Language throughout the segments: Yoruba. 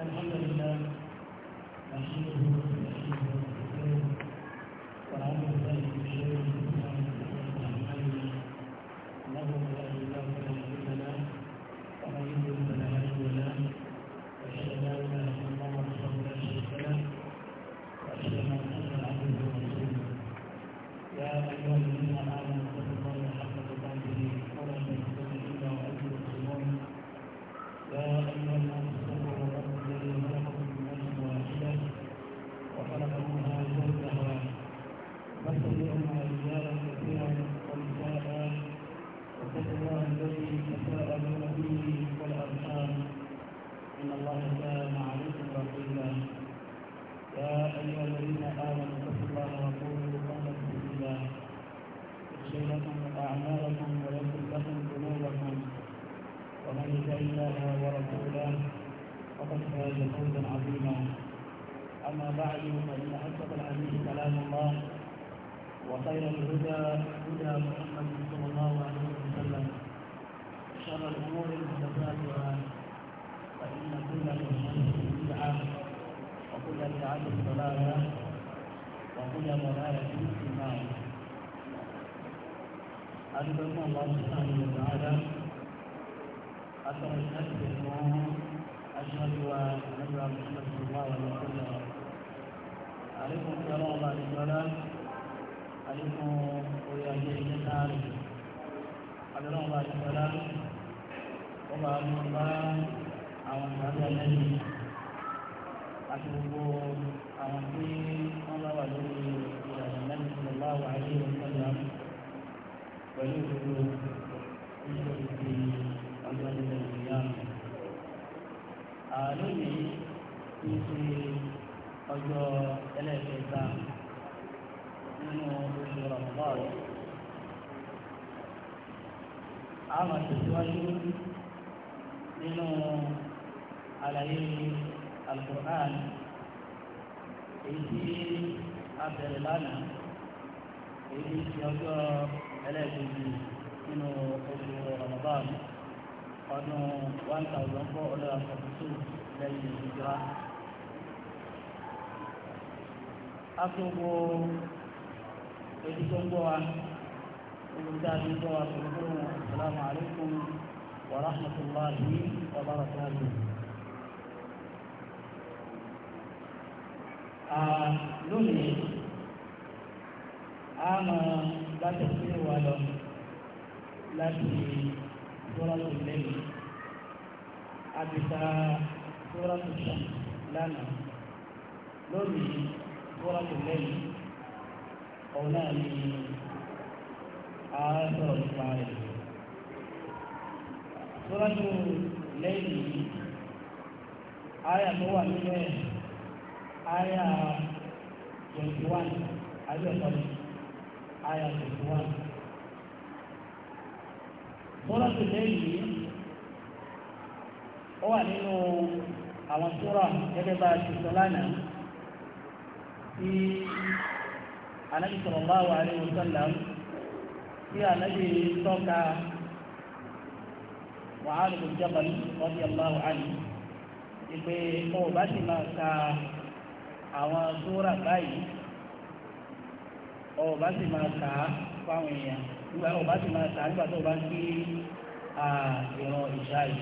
الحمد لله نحمده ونستعينه ونستغفره ونعوذ بالله من شرور nípa rẹ̀ sọ́rọ́jù lẹ́yìn yìí àyà tó wà nílẹ̀ àyà twenty one àbí ọ̀tọ́ni àyà twenty one sọ́rọ́jù lẹ́yìn yìí ó wà nínú àwọn sọ́rọ̀ gẹ́gẹ́ bá a ti sọ lánàá tí anábìsọ̀rọ̀ bá wà ní wọ́n tí ànábì tọ́ka wàhálà ló jábọ̀ ní ọdí aláwọ àlè ìpè ọ bá ti máa ka àwọn sóra báyìí ọ bá ti máa kà á fáwọn èèyàn nígbà ọ bá ti máa kà á nígbà tó o bá ń kí ìran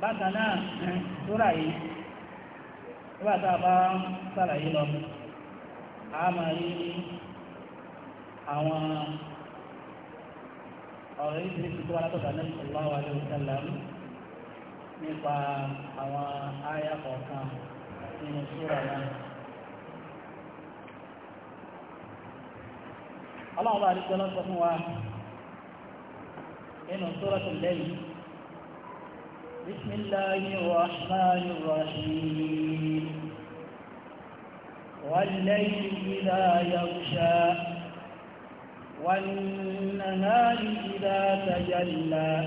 bákan náà sóra yìí nígbà tá a bá sàlàyé lọ a máa rí àwọn ọ̀rọ̀ yìí ti tó wá látọ̀dá náà sallallahu alaihi wasallam nípa àwọn àyà kọ̀ọ̀kan nínú súra náà. ọlọ́run bá àdìsọ́ lọ́sọ fún wa nínú súratul Layl bismillahir rahmanir rahim wal layli idha yaghsha. والنهار إذا تجلى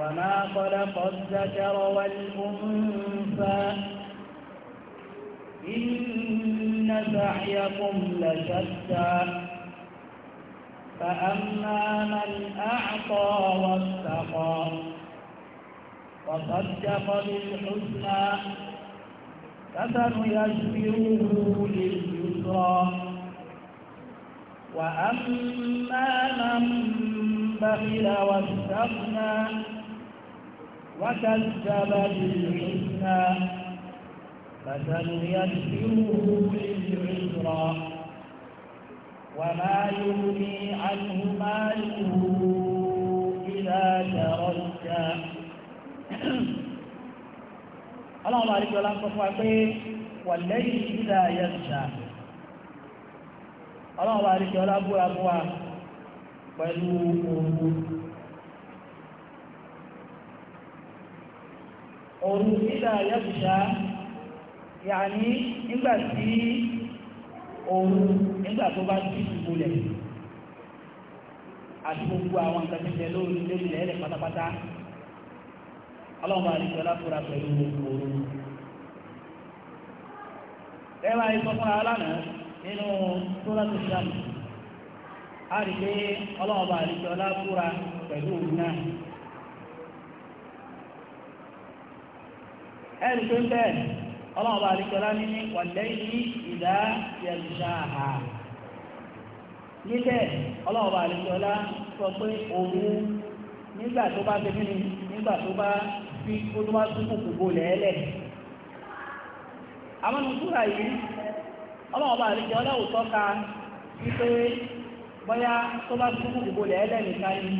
وما خلق الذكر والأنثى إن سعيكم لشتى فأما من أعطى واتقى وصدق بالحسنى فسنيسره لليسرى وأما من بخل واستغنى وكذب بالحسنى فسنيسره للعسرى وما يغني عنه ماله إذا ترجى الله عليك ولا تقوى والليل إذا يغشى ọlọ́run bá ríṣẹ́ ọlábúra fún wa pẹ̀lú òru òru ìdá yẹ́bùṣá yàní nígbà tí òru nígbà tó bá tí ìgbòlẹ̀ àti gbogbo àwọn nǹkan tẹ́tẹ́ lórí lórí lẹ́lẹ̀ pátápátá ọlọ́run bá ríṣẹ́ ọlábúra pẹ̀lú òru nínú sóràtò sàmù a rí pé ọlọ́ọ̀bà àríkẹ́ ọlábúra pẹ̀lú òun náà ẹ̀rì pé bẹ́ẹ̀ ọlọ́ọ̀bà àríkẹ́ ọlá ní wàlẹ́yìn ìdá yẹ̀lùsáà níbẹ̀ ọlọ́ọ̀bà àríkẹ́ ọlá sọ pé òun nígbà tó bá tẹ́mí ni nígbà tó bá fi kó tó bá túnkù kò àwọn yìí ọlọ́wọ́ bá rí jẹ́ ọlọ́wọ́ tọ́ka wípé bọ́yá tó bá tún gbogbo lẹ́ẹ̀lẹ́ nìkan ni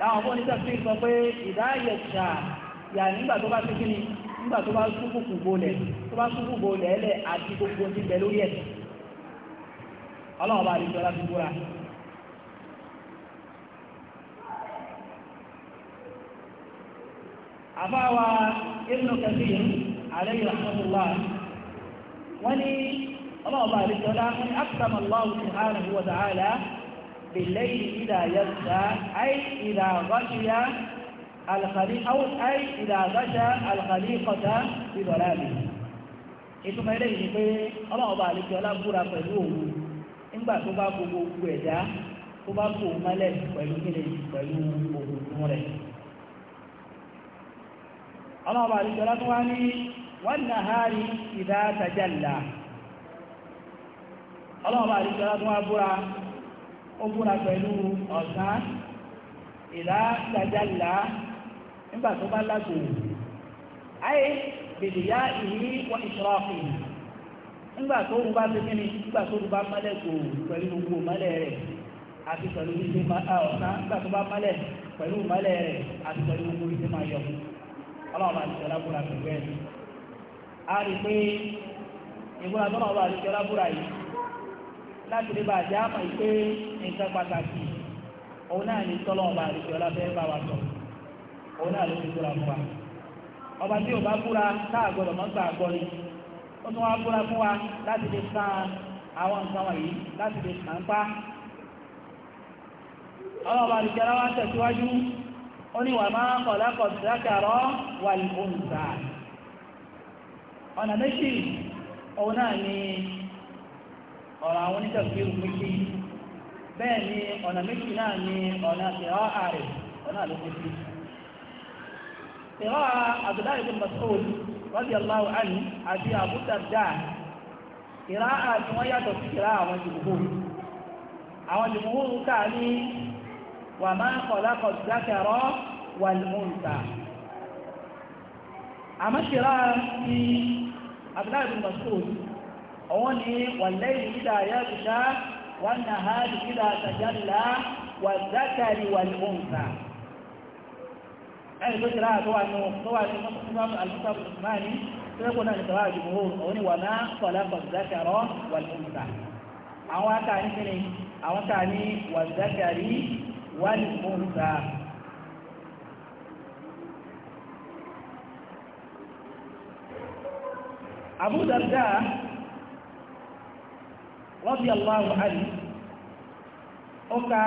láwọn ọmọ oníṣẹ́ fi sọ pé ìdáyẹ̀ṣà yà nígbà tó bá tún kí ni nígbà tó bá tún gbogbo lẹ̀ tó bá tún gbogbo lẹ́ẹ̀lẹ́ àti gbogbo ti bẹ̀ lórí ẹ̀ ọlọ́wọ́ bá rí jẹ́ ọlá gbogbo ra àbáwa ibnu kathir alayhi rahmatullah wọ́n ní الله عليه وسلم أكرم الله سبحانه وتعالى بالليل إذا يغشى أي إذا غشي الخليقة أو أي إذا غشى الخليقة بظلامه إذا ما يليه في الله عليه وسلم قرى فلوه إن بقى تبقى بقى تبقى ملك ويجب أن يكون الله بعد السلام وأني والنهار إذا تجلى ọlọ́ọ̀bá àdíjọ́lá tó wá búra ó búra pẹ̀lú ọ̀sán ìlà jajàlá nígbà tó bá lágbò ayé bèdèyà ìní wọ́n ìṣọ́rọ̀ ọ̀fìn nígbà tó rú bá ti kíni nígbà tó rú bá mọ́lẹ̀ kò pẹ̀lú gbogbo mọ́lẹ̀ rẹ̀ àti pẹ̀lú ìṣe ọ̀sán nígbà tó bá mọ́lẹ̀ pẹ̀lú mọ́lẹ̀ rẹ̀ àti pẹ̀lú gbogbo ìṣe máa yọ ọlọ́ọ̀bá àdíjọ́lá búra pẹ̀lú ẹ̀ a rí pé ìbúra tọ́lọ́ọ̀bá àdíjọ́lá búra yìí láti lè bàjẹ́ àmọ̀ ìpé nǹkan pàtàkì òun náà ní tọ́lọ́ ọba àdìsí ọlábẹ́ bá wa sọ òun náà ló ti fún wa ọba tí ò bá kúra táà gbọdọ̀ mọ́ gbà gbọ́ ni ó tún wá láti lè san àwọn nǹkan wọ̀nyí láti lè kàn àdìsí tẹ̀síwájú ó ní ọ̀rọ̀ àwọn oníṣẹ́gbé òpin sí bẹ́ẹ̀ ni ọ̀nà méjì náà ni ọ̀nà ìrọ̀ ààrẹ ọ̀nà ló pín sí ìrọ̀ àbúdáyé bin Mas'ud radiyallahu anhu àti Abu Darda ìrọ̀ àti wọ́n yàtọ̀ sí ìrọ̀ àwọn jùmùhù àwọn jùmùhù kà ní òun ni wàlẹ́yìn ìdá ayẹ́bùsá wà ní àhádì ìdá àtàjálá wà zákàrí wà ní òǹkà ẹni tó ti ráà tó wà ní mọ́sánmọ́sánmọ́ alùsàbù ìsmáàní tó rẹ́kọ̀ọ́ náà ní sọ́wọ́ àjùmọ́ rọ́bì aláwọ̀ àrí ó ka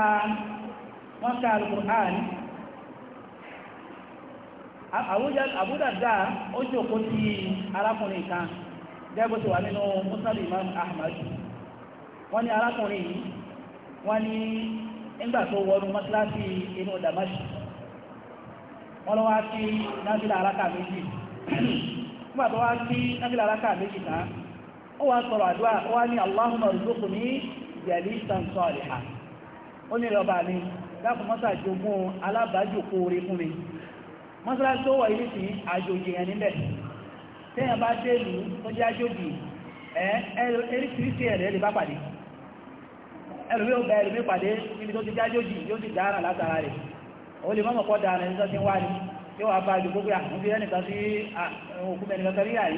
wọ́n ka alukur'an àbúdàdà ó ti arákùnrin kan gẹ́gbó ti wà nínú musnad imam ahmad wọ́n ní arákùnrin yìí wọ́n ní nígbà tó wọnú mọ́síláàsì inú damashi wọ́n lọ́wọ́ á sí náfílà arákà méjì nígbà tó wá sí náfílà arákà méjì ó wá sọ̀rọ̀ àdúrà ó wá ní Allahumma rzuqni jalisan salihan ó ní ìrọ̀bà mi dákùn mọ́sà jogún alábàájòkó orí fún mi mọ́sálásí tó wà ilé sí àjòjì yẹn níbẹ̀ tẹ́yàn bá dé tó jẹ́ àjòjì ẹ̀ẹ́rìsìrìsì yóò wá bá jù gbogbo àmúbí ẹnìkan sí òkú mẹ́rin kankan rí àrí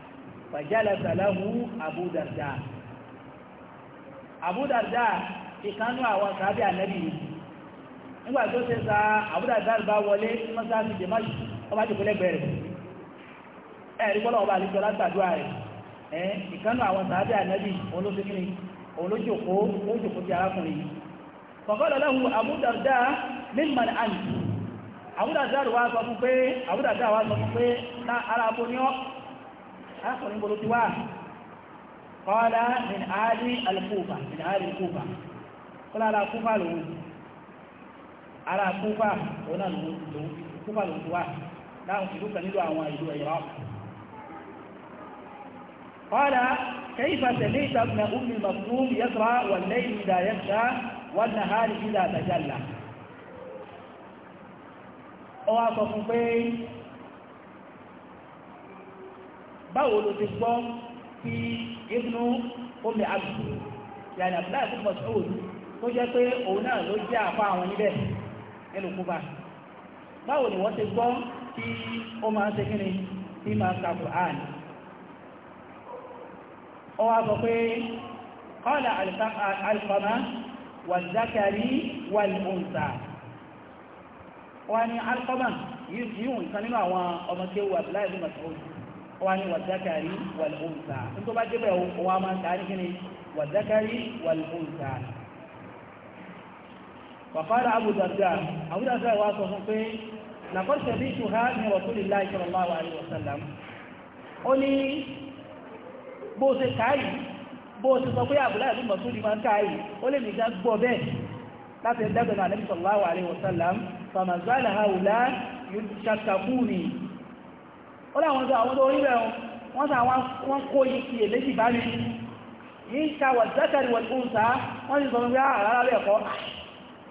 fajalasa lahu Abu Darda Abu Darda ìkanú àwọn sàábì ànẹ́bì yìí nígbà tó ṣe sa Abu Darda bá wọlé ní mọ́sáàsì jẹ́ máṣí ọba jù kọlẹ́gbẹ̀ rẹ̀ ẹ̀rí bọ́lọ̀ ọba àlejò látàdúrà rẹ̀ ẹ̀ ìkanú àwọn sàábì ànẹ́bì òun ló ṣe kí ni òun ló jòkó ó jòkó ti arákùnrin yìí faqala lahu Abu Darda mimman akọni bolo ti wá kọ́lá min ali alkufa min ali alkufa kọ́lá ala kufa lòun ala kufa òun náà lòun kufa lòun ti wá láwọn ìlú kan nílò àwọn ìlú ẹ̀yọ́ قال كيف سمعت ابن أم المكتوم يقرأ والليل إذا يغشى والنهار إذا تجلى أو أصف báwo ló ti gbọ́ tí ibnu omi abu yàrá abdullahi ibn Mas'ud tó jẹ́ pé òun náà ló jẹ́ àfa àwọn níbẹ̀ nínú kúba báwo ni wọ́n ti gbọ́ tí ó máa ń ṣe kí ni tí máa ka Qur'an wá sọ pé qala alqama wàzákàrí wàlúùnsà wọ́n ní alqama yíò nǹkan nínú àwọn ọmọ tí ó wà abdullahi ibn Mas'ud wọ́n ní wàzákàrí wàlúùsà ní tó bá jẹ́ bẹ́ẹ̀ wọ́n máa ń ta ní kíni wàzákàrí wàlúùsà. wàfàrà abúdàdà abúdàdà wa sọ fún pé làkọ́sẹ̀ bí ṣùgbọ́n ní rasulillahi sallallahu alaihi ó ní bó ṣe káyì bó ṣe sọ pé ó láwọn tó àwọn tó orí rẹ̀ wọ́n sà wọ́n kó iye méjì bá mi yìí ń ka wà zákàrí wà tó ń sá wọ́n sì sọ fún yá ah, àrárá rẹ̀ kọ́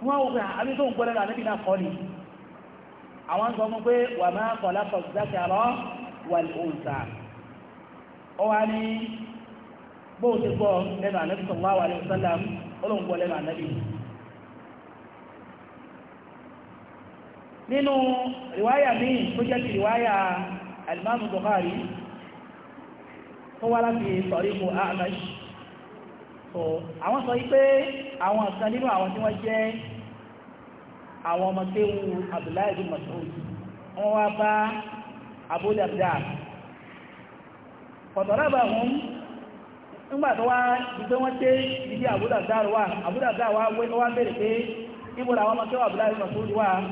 wọ́n wò pé ah, àbí tó ń gbọ́dọ̀ náà níbi náà kọ́ ni àwọn sọ fún pé wà máa kọ̀ lápọ̀ zákàrọ̀ wà tó ń sá ó wá ní bóò ti gbọ́ lẹ́nu ànábì sallallahu alaihi wasallam ọlọ́run gbọ́ lẹ́nu ànábì nínú rìwáyà míì tó jẹ́ ti rìwáyà alimami Bukhari tó wá láti tọ̀ríkù Amash so àwọn sọ wípé àwọn kan nínú àwọn tí wọ́n jẹ́ àwọn ọmọ kéwu Abdullahi bin Mas'ud wọ́n wá bá Abu Darda fọ̀tọ̀lábà wọn nígbà wá gbígbé wọ́n tẹ́ ibi Abu wà Abdullahi wà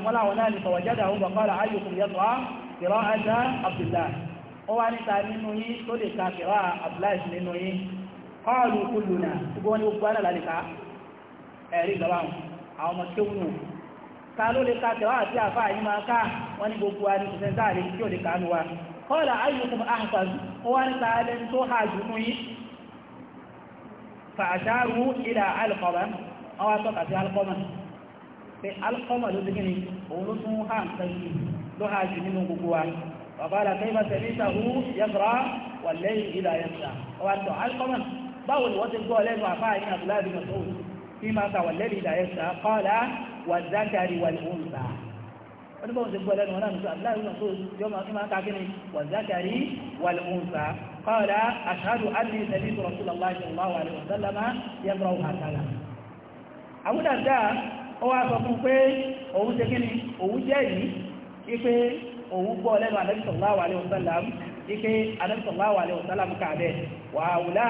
wọ́n láwọn náà ní fọ̀wọ̀jáde àwọn bàkọ́lá kìrọ àṣà Abdullah ó wá níta nínú yín tó lè ka kìrọ Abdullah nínú yín kọ́ọ̀lù kùlùnà gbogbo wọn ni gbogbo alára nìka ẹ̀rí ìjọba àwọn ọmọ tó wù ká ló lè ka kìrọ àti àfà yìí máa ká wọn ni gbogbo wa ni pẹ̀sẹ̀ntà rẹ̀ tí ò lè ka nù ó wá níta lẹ́ni tó hàn sẹ́yìn lọ́ha jù nínú gbogbo wa ọ̀bára kẹ́yìnbá tẹ̀lé ìtàhú yẹ́fra wà lẹ́yìn ìlà yẹ́fra ọwà tọ̀ alkọ́mà báwo ni wọ́n ti gbọ́ lẹ́nu àfáà ní abdullahi bin masoud fi máa ka wà lẹ́yìn ìlà yẹ́fra kọ́ọ̀lá wà zákàrí wà lùmùsà wọ́n ti gbọ́ ti gbọ́ lẹ́nu wọn náà nípa abdullahi bin masoud yóò máa fi máa ka kí ni wà zákàrí wà lùmùsà kọ́ọ̀lá aṣáájú alì sẹ́lí tó rasulallah sallallahu alaihi wa sallam yẹ́fra wà kálá àbúdàdà ó wá fún pé òun ṣe kí ni òun jẹ́ yìí ipe òun gbọ́ lẹ́nu Ànábì sallallahu alaihi wasallam ipe Ànábì sallallahu alaihi wasallam kàbẹ̀ wà wùlá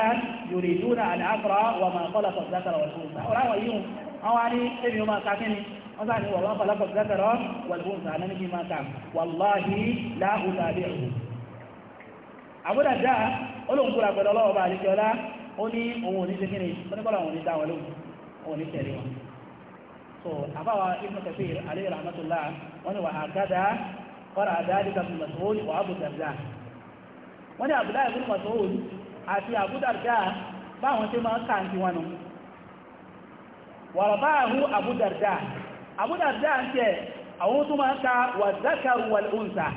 yuriduna an aqra wà máa kọ́lá sọ̀ zákàrà wà lóhùn sá ọ̀rá wọ̀nyí hùn wọ́n wá ní ẹ̀mí ọmọ akákẹ́ni wọ́n ní kọ́lá sọ̀ zákàrà wà lóhùn sá náà so àbáwa ibn kafir alayhi rahmatullah wọn ni wà á gádà kọ́ra àdáàdì kan Mas'ud wà á bùdàrdà wọn ni àbúdá ibn Mas'ud àti àbúdàrdà báwọn tí máa ń kà ti wọn nù wàrọ̀bá àhú àbúdàrdà àbúdàrdà ń tẹ àwọn tó máa ka wà zákàrù wal unsa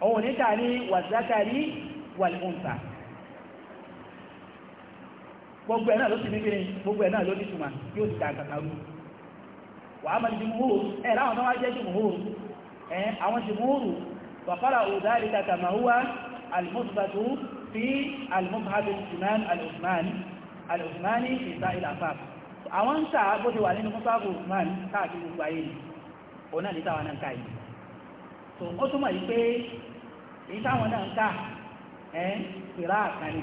òun ní ká ní wà zákàrí wal unsa gbogbo ẹ̀ náà ló ti ní kíni gbogbo ẹ̀ náà ló ní túnmà yóò ti dàgbàtà rú wà á mọ̀lì jùmúhùrù ẹ̀ ráwọn tó wá jẹ́ jùmúhùrù ẹ̀ àwọn jùmúhùrù wàkọ́lá òdáàrí kàtà màúwá alìmọ́sùbàtú fi alìmọ́sùbàtú ìmán alìmọ́sùmání ìta ìlàfà àwọn ń tà bó ti wà nínú mọ́sáàbù ìmán káàkiri gbogbo ayé òun náà ní táwọn náà ń yìí tó ó túmọ̀ yìí pé ìtàwọn náà ń ká pèrà àkàní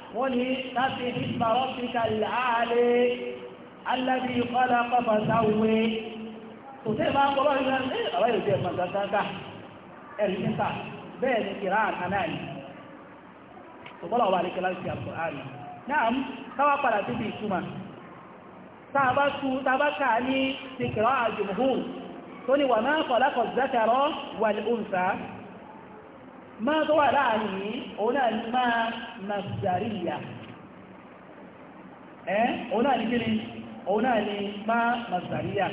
wọ́n ní láti ìgbà rọ́pìkà láàálẹ́ alábí kọ́lá pàpà sáwé kò tẹ́ bá ń kọ́lọ́ ìgbà ní ọ̀rọ̀ ìlú jẹ́ pàtàkàkà ẹ̀rí nípa bẹ́ẹ̀ ni ìrà àkànáàlì tó bọ́lá wà ní kíláàsì àkùránì máa tó wà láàrin yìí òun náà ní máa masdariya ẹ́ òun náà ní kíni òun náà ní máa masdariya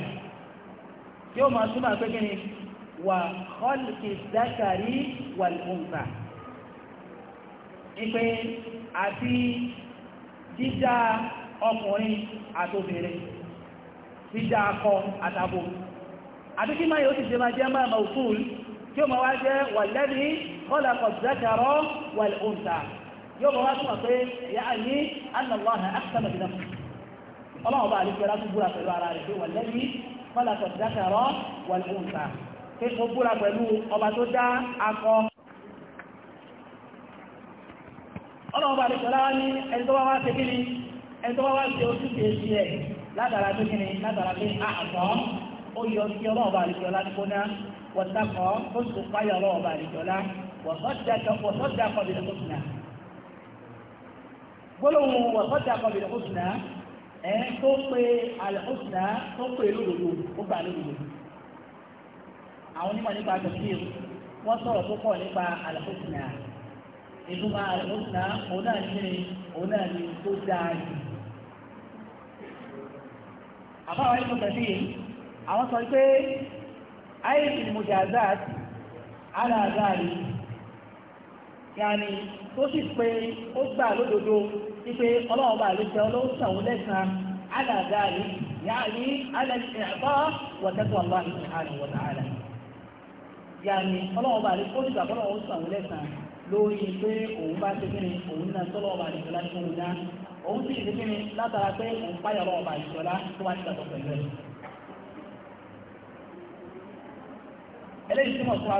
yóò máa túnmà pé kíni wà khalqi zakari wal unsa ipe àti jíjá ọkùnrin àtòbìnrin jíjá akọ àtàbò àti kí máa yóò ti jẹ máa jẹ máa mọ̀ fún kí o máa wá jẹ́ wà lẹ́rìí خلق الذكر والأنثى يوم راتم أطيب يعني أن الله أحسن بنفسه الله عليك لا تبورا فلو على رفي والذي خلق الذكر والأنثى كيف تبورا فلو أبا تدى أقام ọlọ́ọ̀bá àdìsọ́lá ní ẹni tó bá wá ṣe kíni ẹni tó bá wá ṣe oṣù tí èsì ẹ̀ látara tó kíni látara pé àtọ́ ó yọ sí ọlọ́ọ̀bá àdìsọ́lá ní kóná wọ́tàkọ́ ó sì páyà ọlọ́ọ̀bá àdìsọ́lá وصدق بالحسنى gbólóhùn wọ̀sọ́jà kọbìlì húsùnà ẹ̀ tó pé alìhúsùnà tó pé lódodo ó gbà lódodo àwọn onímọ̀ nípa tẹ̀síìrì wọ́n sọ̀rọ̀ tó pọ̀ nípa alìhúsùnà ìtumọ̀ alìhúsùnà òun náà ní òun náà ní tó dáa jù àbáwọn nínú tẹ̀síìrì àwọn sọ pé ayé ìlú mùjàzáàtì aláàzáàrì yàní tó sì pé ó gbà lódodo wípé ọlọ́run bá lè sí àwọn lẹ́sàn alàdá rí yàní alẹ́sìn ẹ̀kọ́ wọ̀tẹ́kọ̀ ọlọ́run sí àwọn wọ̀tàhálà yàní ọlọ́run bá ó sì sí àwọn lẹ́sàn lórí pé òun náà láti fún un òun sì látara pé òun lá tó wá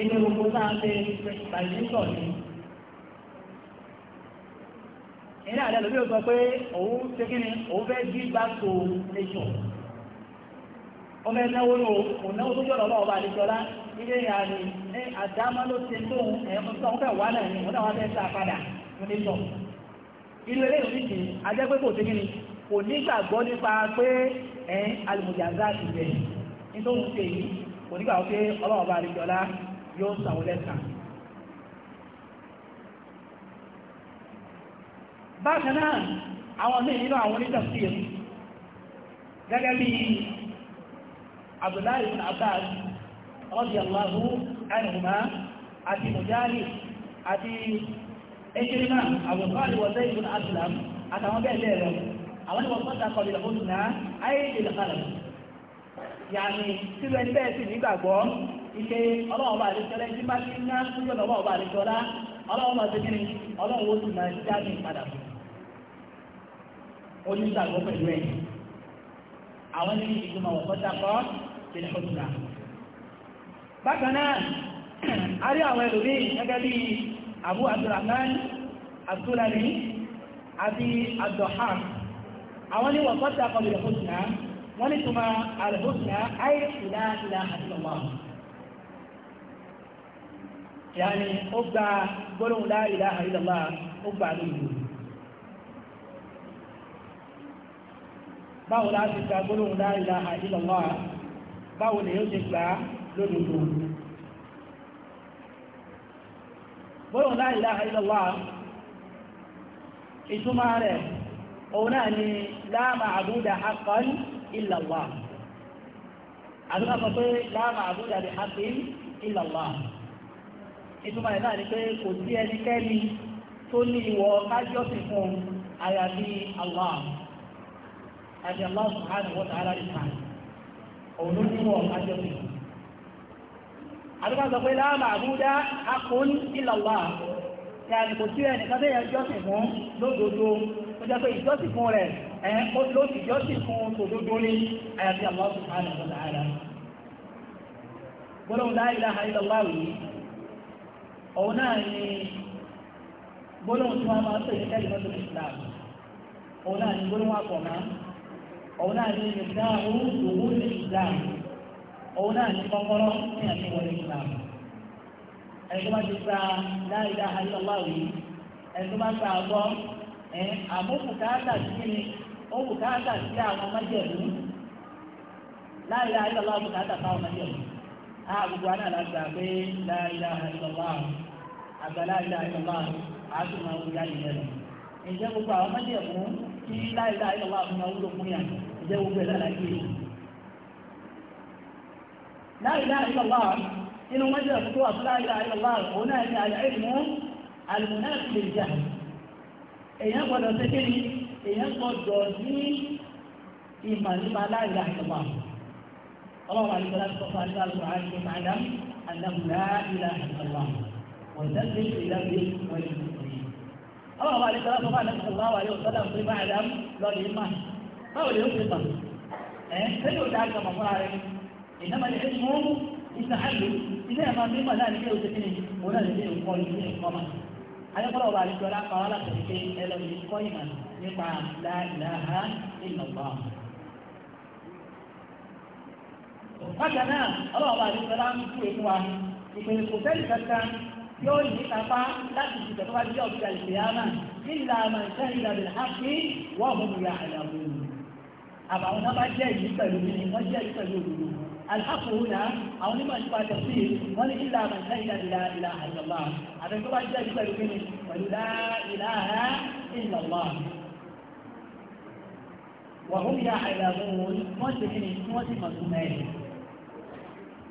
inú gbogbo náà ṣe pàṣípọ̀ ni. ìní àdá lóbi ò sọ pé òun ṣe kí ni òun fẹ́ gbí back to nation. ó fẹ́ náwó ní òun náwó tó jọ̀rọ̀ lọ́wọ́ bá àdéjọ́lá ilé ìyá ni ní àdámọ́ ló ti tóun ẹ̀yọ́n tó ń fẹ́ wà náà ni òun náà wá fẹ́ sá padà fún nation. ilé ilé ìwé ti ajẹ́ pé kò ṣe kí ni kò nígbàgbọ́ nípa pé ẹ̀ alùmùjàzá ti bẹ̀ nítorí ṣe yìí kò nígbàgbọ́ pé ọlọ́wọ́ bá àdéjọ́lá yóò san wọn lẹ́sàn. bákan náà àwọn míì nínú àwọn onítàfsír gẹ́gẹ́ bí abdullahi ibn abbas radiyallahu anhuma àti mujahid àti ekirima abubakar wa zayd ibn aslam àtàwọn bẹ́ẹ̀ bẹ́ẹ̀ lọ àwọn ni wọ́n sọ́dà kọ́ ìlú ọdún náà ayé ìlú kálẹ̀ ya síbẹ̀ ní bẹ́ẹ̀ sì nígbàgbọ́ ike ọlọ́wọ́ bá àdéjọ́lá ẹni bá ti ń ná sójú ọ̀nà ọlọ́wọ́ bá àdéjọ́lá ọlọ́wọ́ máa ṣe kíni ọlọ́wọ́ ó sì máa já ní ìpadà bọ̀ ó ní ìgbàgbọ́ pẹ̀lú ẹ̀ àwọn ní ìgbìmọ̀ ọ̀kọ́ta kọ́ tẹ̀lé ọ̀túnra bákan náà a rí àwọn ẹlòmíì gẹ́gẹ́ bí Abu Abdulrahman Abdulani àti Abdulhaq àwọn ní wọ̀kọ́ta kọ́ tẹ̀lé ọ̀túnra wọ́n ní tuma alhusna ayé ìlà ìlà àti yàní ó gba gbólóhùn la ilaha ó gbà ní báwo la ti gba gbólóhùn la ilaha báwo lè yóò ti gbà lódodo gbólóhùn la ilaha rẹ̀ òun náà ni pé ìtumọ̀ ẹ̀ náà ni pé kò sí ẹnikẹ́ni tó ní ìwọ kájọ́sìn fún àyàfi Allah àti Allah subhanahu wa ta'ala nìkan òun ní ìwọ kájọ́sìn fún àdúgbàsọ pé láàmà àbúdá akún ìlàwà yàrá kò sí ẹnìkan tó yẹ jọ́sìn fún lódodo ó jẹ́ pé ìjọ́sìn fún rẹ̀ ẹ̀ ó ló ti jọ́sìn fún tòdodo ní àyàfi Allah subhanahu wa ta'ala gbọ́dọ̀ la ilaha yìí òun náà ni gbólóhùn tí wọ́n máa pè ní kẹ́lìmọ́tò islam òun náà ni gbólóhùn àpọ̀mọ́ òun náà ni ìdáhù ìwú ní islam òun náà ni kọ́kọ́rọ́ ní àti islam ẹni tó bá ti gba la ẹni tó bá gba ẹ sí ni ó ha àná làgbà pé la ilaha illallah àgbà la ilaha illallah àti máa wúlò ayé gbogbo àwọn ọmọdé ẹ̀kún tí la ilaha illallah àti máa fún yà ǹjẹ́ gbogbo ẹ̀ tó wà fún òun náà ní lè jà ní الله عليه وسلم صلى الله عليه وسلم واعلم لا إله إلا الله وسلم لنفسك وللمسلمين الله عليه وسلم صلى الله عليه وسلم في معلم للإيمان ما هو يطلق فلو تعالى كما قال انما العلم يستحل اذا ما مما لا نجيه سكنه ولا نجيه قول نجيه قمع على قول الله عليه وسلم قال لك الشيء الذي قيما نقع لا إله إلا الله bákan náà ọlọ́ọ̀bá àdìsọ́lá ń kú èkú wa ìpèsè kò fẹ́ kankan yóò ní kápá láti ṣe tẹ̀síwá jẹ́ ọ̀gbìn àlìfẹ́yàmà nílà màṣẹ́ ìlànà àfi wọ́n mú mi ra àyàwó àbàwọn náà bá jẹ́ ìlú pẹ̀lú mi wọ́n jẹ́ ìlú pẹ̀lú òdodo alhakuna àwọn onímọ̀ nípa tẹ̀sí wọ́n ní ilà màṣẹ́ ìlànà ìlà àyàwó ìlà ìlànà wọ́n mú àyàwó wọ́n ti kí ni wọ́n ti mọ̀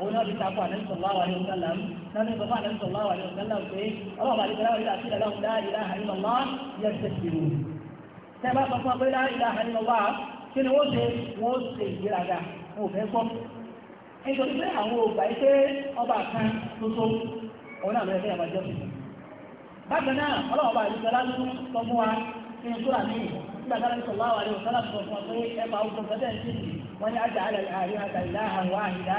òun náà fi takò ànábì sallallahu alaihi wasallam náà ní sọ́kọ́ ànábì sallallahu alaihi wasallam pé ọlọ́ọ̀bà àti ìgbàláwà ìlà àtìlẹ̀ lọ́hùn la ilaha illallah yastakbiru. tẹ́lá sọ fún ọ pé la ilaha illallah kí ni wọ́n ṣe wọ́n ṣe ìgbéraga wọn ò fẹ́ gbọ́. nítorí pé àwọn ògbà yìí pé ọba kan tuntun òun náà lọ́yẹ̀ fẹ́ yàrá jọ́ bákan náà ọlọ́ọ̀bà ni sallallahu alaihi wasallam sọ fún wa pé ẹ máa ń sọ fún ẹ wọ́n ní àjà àlẹ́ àríwá àtàlá àwọn àhìlá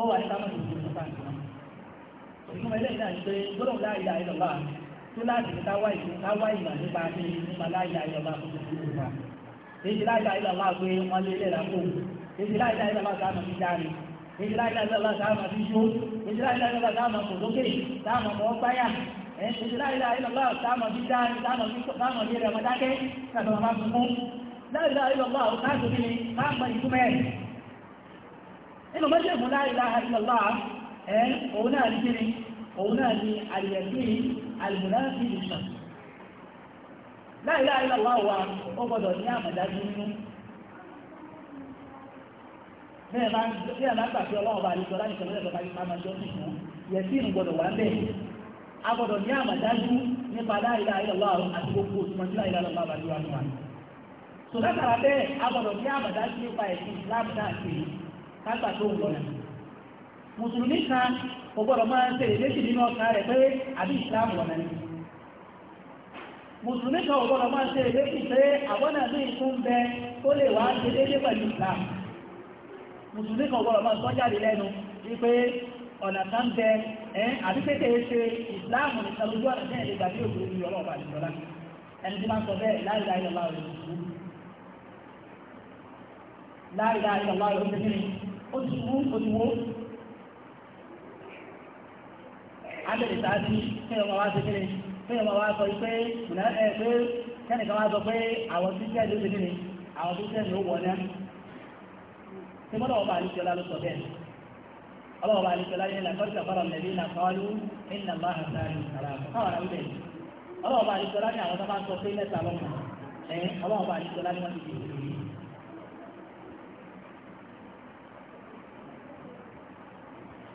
ó wà sáwọn ìlú tó bá ń sọ ìgbìmọ̀ ilé náà ṣe gbọ́dọ̀ láàyè àìlọ́lá tó láti nínú mọ́jẹ̀mú la ilaha illallah òun náà ní òun náà ní àyẹ̀kí wa ó gbọ́dọ̀ ní àmọ̀dájú nínú bẹ́ẹ̀ máa ń gbà pé ọlọ́run láìsọ yìí máa a gbọ́dọ̀ ní àmọ̀dájú nípa la ilaha illallah àti gbogbo òṣùmọ̀ la ilaha illallah bàbá yìí wà ní wa sọ̀dọ̀ bẹ́ẹ̀ a gbọ́dọ̀ ní nípa kágbà tó ń lọ́nà mùsùlùmí kan kò gbọ́dọ̀ máa ń tẹ̀lé léṣì nínú ọkàn rẹ̀ pé àbí ìsìláàmù lọ́nà ni mùsùlùmí kan kò máa ń tẹ̀lé léṣì pé àbọ́nà bí ìkún bẹ tó lè wá ṣe déédé pẹ̀lú ìsìláàmù mùsùlùmí kan kò máa sọ jáde lẹ́nu wípé ọ̀nà kan bẹ ẹ́ àbí pété ṣe ìsìláàmù nìkan lójú ọ̀nà ojúwú ojúwó abẹ́rẹ́ sáájú kẹ́yọ̀ máa wá sí kíni kẹ́yọ̀ máa wá sọ pé ìná ẹ̀ pé kẹ́nìkan wá sọ pé àwọn tí kẹ́ẹ̀ ló ti kíni àwọn tó kẹ́ẹ̀ ló wọ̀ náà tí mọ́tò ọba àlùfẹ́lá ló ọlọ́wọ́ àlùfẹ́lá yẹn làkọ́jú àbára mẹ́lí làkọ́lù ìnà máa hàn sáré ìsàlá káwọn àwọn ọlọ́wọ́ àlùfẹ́lá ní àwọn tó bá sọ pé mẹ́ta lọ́kàn ẹ̀ ọlọ́wọ́ àlùfẹ́lá ní wọ́n ti dìbò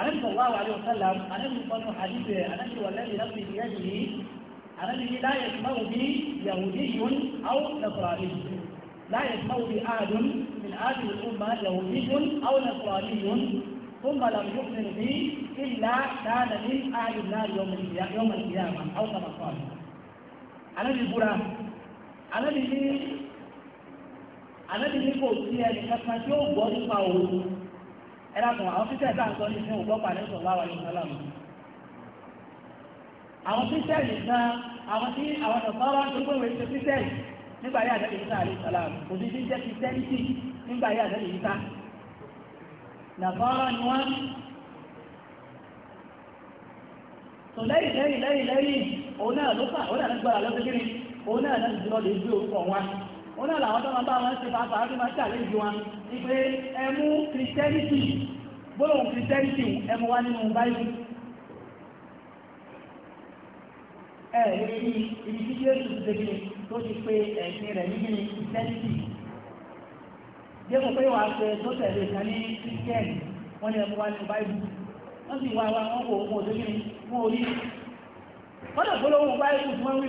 النبي صلى الله عليه وسلم النبي صلى حديث النبي والذي نفسي بيده النبي لا يسمع بي يهودي أو نصراني لا يسمع بي أحد من هذه الأمة يهودي أو نصراني ثم لم يؤمن بي إلا كان من أهل النار يوم القيامة أو كما قال النبي بورا النبي النبي kò sí ẹnì kankan tí ó ẹlẹ́kùn àwọn kírísítẹ́nì ń sọ ní ìsìn ògbọ́pà ní sallallahu alaihi wasallam àwọn kírísítẹ́nì gan àwọn tí àwọn ọ̀sọ́rọ̀ tó gbé wẹ̀ ṣe kírísítẹ́nì nígbà yà àdẹ́lẹ̀ kò sí nígbà ni wọ́n tó lẹ́yìn lẹ́yìn lẹ́yìn lẹ́yìn òun náà ló fà òun náà wọn náà làwọn tó máa bá wọn ṣe fàáfà á fi máa ṣàlejò wọn ni pé ẹmú kìrìsìtẹ́nìtì gbólóhùn kìrìsìtẹ́nìtì ẹmú wá nínú báyìí ẹ ibi ibi tí jésù ti débi tó ti pé ẹ̀sìn rẹ̀ níbi kìrìsìtẹ́nìtì jésù pé wàá pé tó tẹ̀lé kan ní kìrìsìtẹ́nì wọn ni ẹmú wá nínú báyìí wọ́n sì wá wá wọn kò wọn ò débi wọn ò rí kọ́dọ̀ gbólóhùn báyìí kù tí wọ́n wí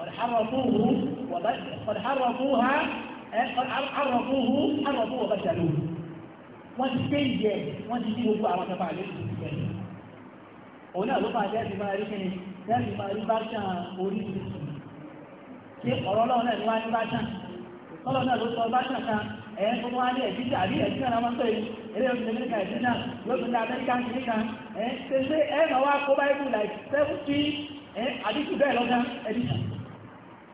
قد حرفوه قد حرفوها قد حرفوه حرفوه وبدلوه wọ́n ti gbé ìyẹ́ wọ́n ti dí gbogbo àwọn ọ̀tọ́fà lẹ́sìn ìgbẹ́ òun náà ló fà jẹ́sì máa rí kíni jẹ́sì máa rí báṣán oríṣiríṣi ṣé ọ̀rọ̀ ọlọ́run náà ni wọ́n á ní báṣán tọ́lọ̀ náà ló sọ báṣán kan ẹ̀yẹ́ tó wá ní ẹ̀bí àbí ẹ̀bí náà máa ń tẹ̀lé eré ọ̀sìn amẹ́ríkà ẹ̀bí náà yóò fi ní amẹ́ríkà ń kiri kan ẹ̀ ṣe ṣe ẹ̀ máa wá kó báyìí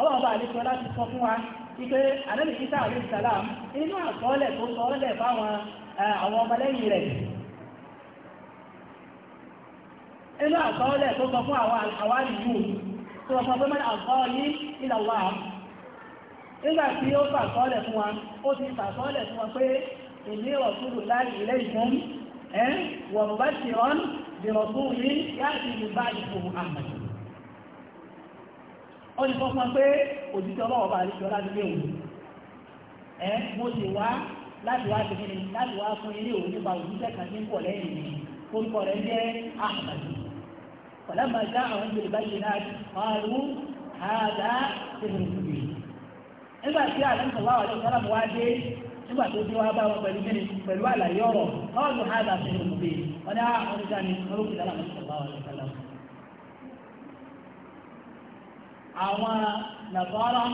ọlọ́ọ̀bá àlejò láti sọ fún wa wípé ànábì Ìsá àlejò sàlám inú àsọọ́lẹ̀ tó sọ ọ́lẹ̀ fáwọn àwọn ọmọlẹ́yìn rẹ̀ inú àsọọ́lẹ̀ tó sọ fún àwọn àwárí yìí tó sọ fún mẹ́rin àsọọ́ yìí ilẹ̀ wà nígbà tí ó fàsọọ́lẹ̀ fún wa ó ti fàsọọ́lẹ̀ ó ní sọ fún pé òjijì ọlọ́wọ́ bá láti gbé òun mo sì wá láti wá tẹ̀lé láti wá fún ilé òun nípa òjijì kan ní pọ̀ lẹ́yìn mi orúkọ rẹ̀ jẹ́ ahmed ọ̀làmà àwọn ìgbèrè ọ̀rù nígbà tó wá bá wọn pẹ̀lú pẹ̀lú àlàyé ọ̀rọ̀ àwọn nàbọ́rọ́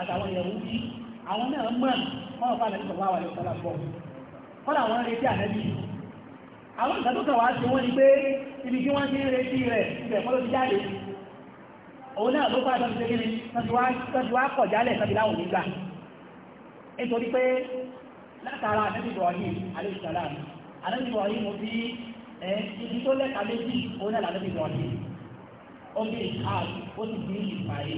àtàwọn yẹ̀wúdí àwọn náà mọ̀ wọ́n fà nàbí sọ̀rọ̀ àwọn ìṣọ̀lá bọ̀ kọ́lá àwọn retí ànábì àwọn ìgbà tó kàn wá sí wọ́n ni pé ibi tí wọ́n ti ń retí rẹ̀ ibẹ̀ kọ́ ló ti jáde òun náà ló fà tọ́jú kékeré tọ́jú wá kọ̀ jálẹ̀ tọ́jú láwọn nígbà nítorí pé látara ànábì Ibrahim alayhi salam ànábì Ibrahim mo ó ní ó sì ní ìfàyè.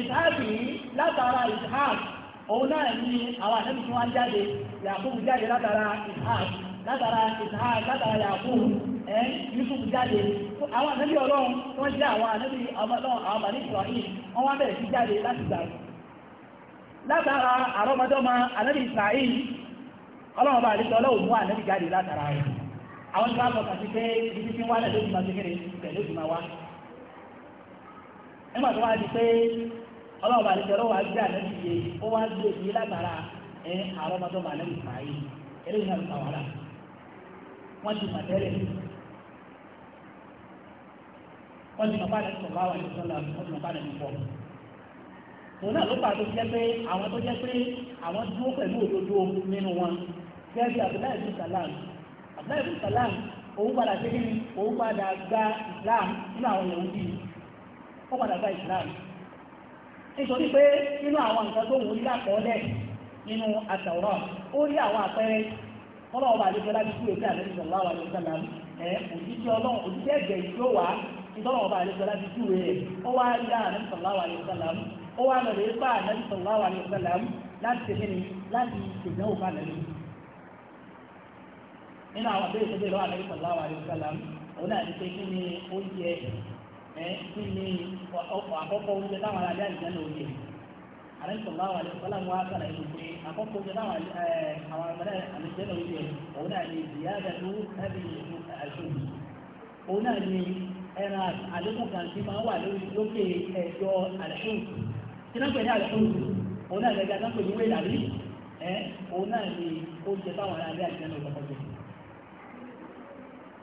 ìsáàbù yìí látara ìsáàbù òun náà ní àwọn àdébù tí wọ́n jáde yàkúbù jáde látara ìsáàbù látara ìsáàbù látara yàkúbù ẹ̀ yusufu jáde àwọn ọlọ́run tí wọ́n jẹ́ àwọn àwọn wọ́n wá bẹ̀rẹ̀ sí jáde láti gbà látara àrọ́mọdọ́mọ ọlọ́run bá ọlọ́run mú jáde látara àwọn ìgbà àbọ̀ kàti pé ibi tí wọ́n lẹ́lẹ́ ìgbà kékeré pẹ̀lú ìgbà wa nígbà tó wá di pé ọlọ́ọ̀bà àti ìjọba wa gbé àlẹ́ ìdíje ó wá gbé ìdíje látara ẹ àwọn ọmọdé wà lẹ́yìn ìfààyè eléyìí náà lùkà wàhálà wọ́n ti mà tẹ́lẹ̀ wọ́n ti mà bá lẹ́yìn sọ̀rọ̀ àwọn ìṣọ̀lá wọ́n ti mà bá lẹ́yìn pọ̀ òun náà ló pàtó jẹ́ pé àwọn tó jẹ́ pé àwọn dúró pẹ̀lú òdodo nínú wọn gẹ́gẹ́ bí àbúlá ìlú sàlámù abdullahi bin òun padà sí ní òun padà gba islam nínú àwọn yahudi ó padà gba islam nítorí pé nínú àwọn nǹkan tó wù ú lákọọ́lẹ̀ nínú àtàwọ̀rọ̀ ó rí àwọn àpẹẹrẹ ọlọ́wọ́ bá àdéjọ́ láti kúrò sí àdéjọ́ sallallahu alaihi wasallam ẹ̀ òjíṣẹ́ ọlọ́run òjíṣẹ́ ẹ̀jẹ̀ yóò ìtọ́lọ́wọ́ bá láti rẹ̀ ó wá rí ó wá lọ nínú àwọn abẹ́rẹ́ tó bẹ̀rẹ̀ lọ́wọ́ àlẹ́ sallallahu alaihi wasallam òun náà ti pé kí ni oúnjẹ ẹ kí ni ọkọ̀ àkọ́kọ́ oúnjẹ táwọn ará àlẹ́ àlẹ́ òye àlẹ́ sallallahu alaihi wasallam wá sára ìlú pé àkọ́kọ́ oúnjẹ táwọn àwọn ará àlẹ́ òye òun náà ni ìyáàdàlú ẹ̀bí àṣùbù òun náà ni ẹran àlékún kan tí máa wà lókè ẹ̀jọ́ àlẹ́ṣùbù kí náà pè ní àlẹ́ṣùbù òun náà lẹ́gbẹ̀ẹ́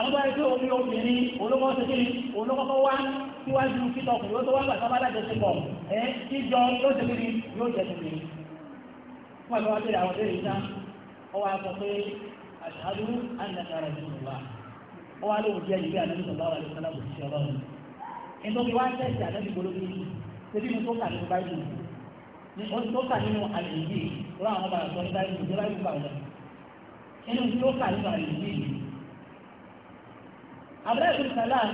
àmúgbáyé tó omi obìnrin olówó ṣe kí olówó tó wá síwájú títọ ọkùnrin ó tó wá gbàtọ́ bá lájọ sípọ̀ ẹ jíjọ yóò ṣe kiri yóò jẹ tuntun yìí fún àgbà wá bèrè àwọn bèrè ìta ọwọ́ akọ pé àṣàlù ànàkàrà ìṣòwò ọwọ́ alóhùn jẹ́ ìgbé àdébí sọ̀rọ̀ àwọn àdébí sọ̀rọ̀ òṣìṣẹ́ ọlọ́run nítorí wá tẹ̀sí àdébí gbólógbé tẹbí mo tó kà nínú báyìí ní o tó kà nínú àlèyé lọ́wọ́ àwọn bàbá sọ ní báyìí ìjọba yóò gbà wọ́n inú tó kà nínú àlèyé abúlẹ́bìn salam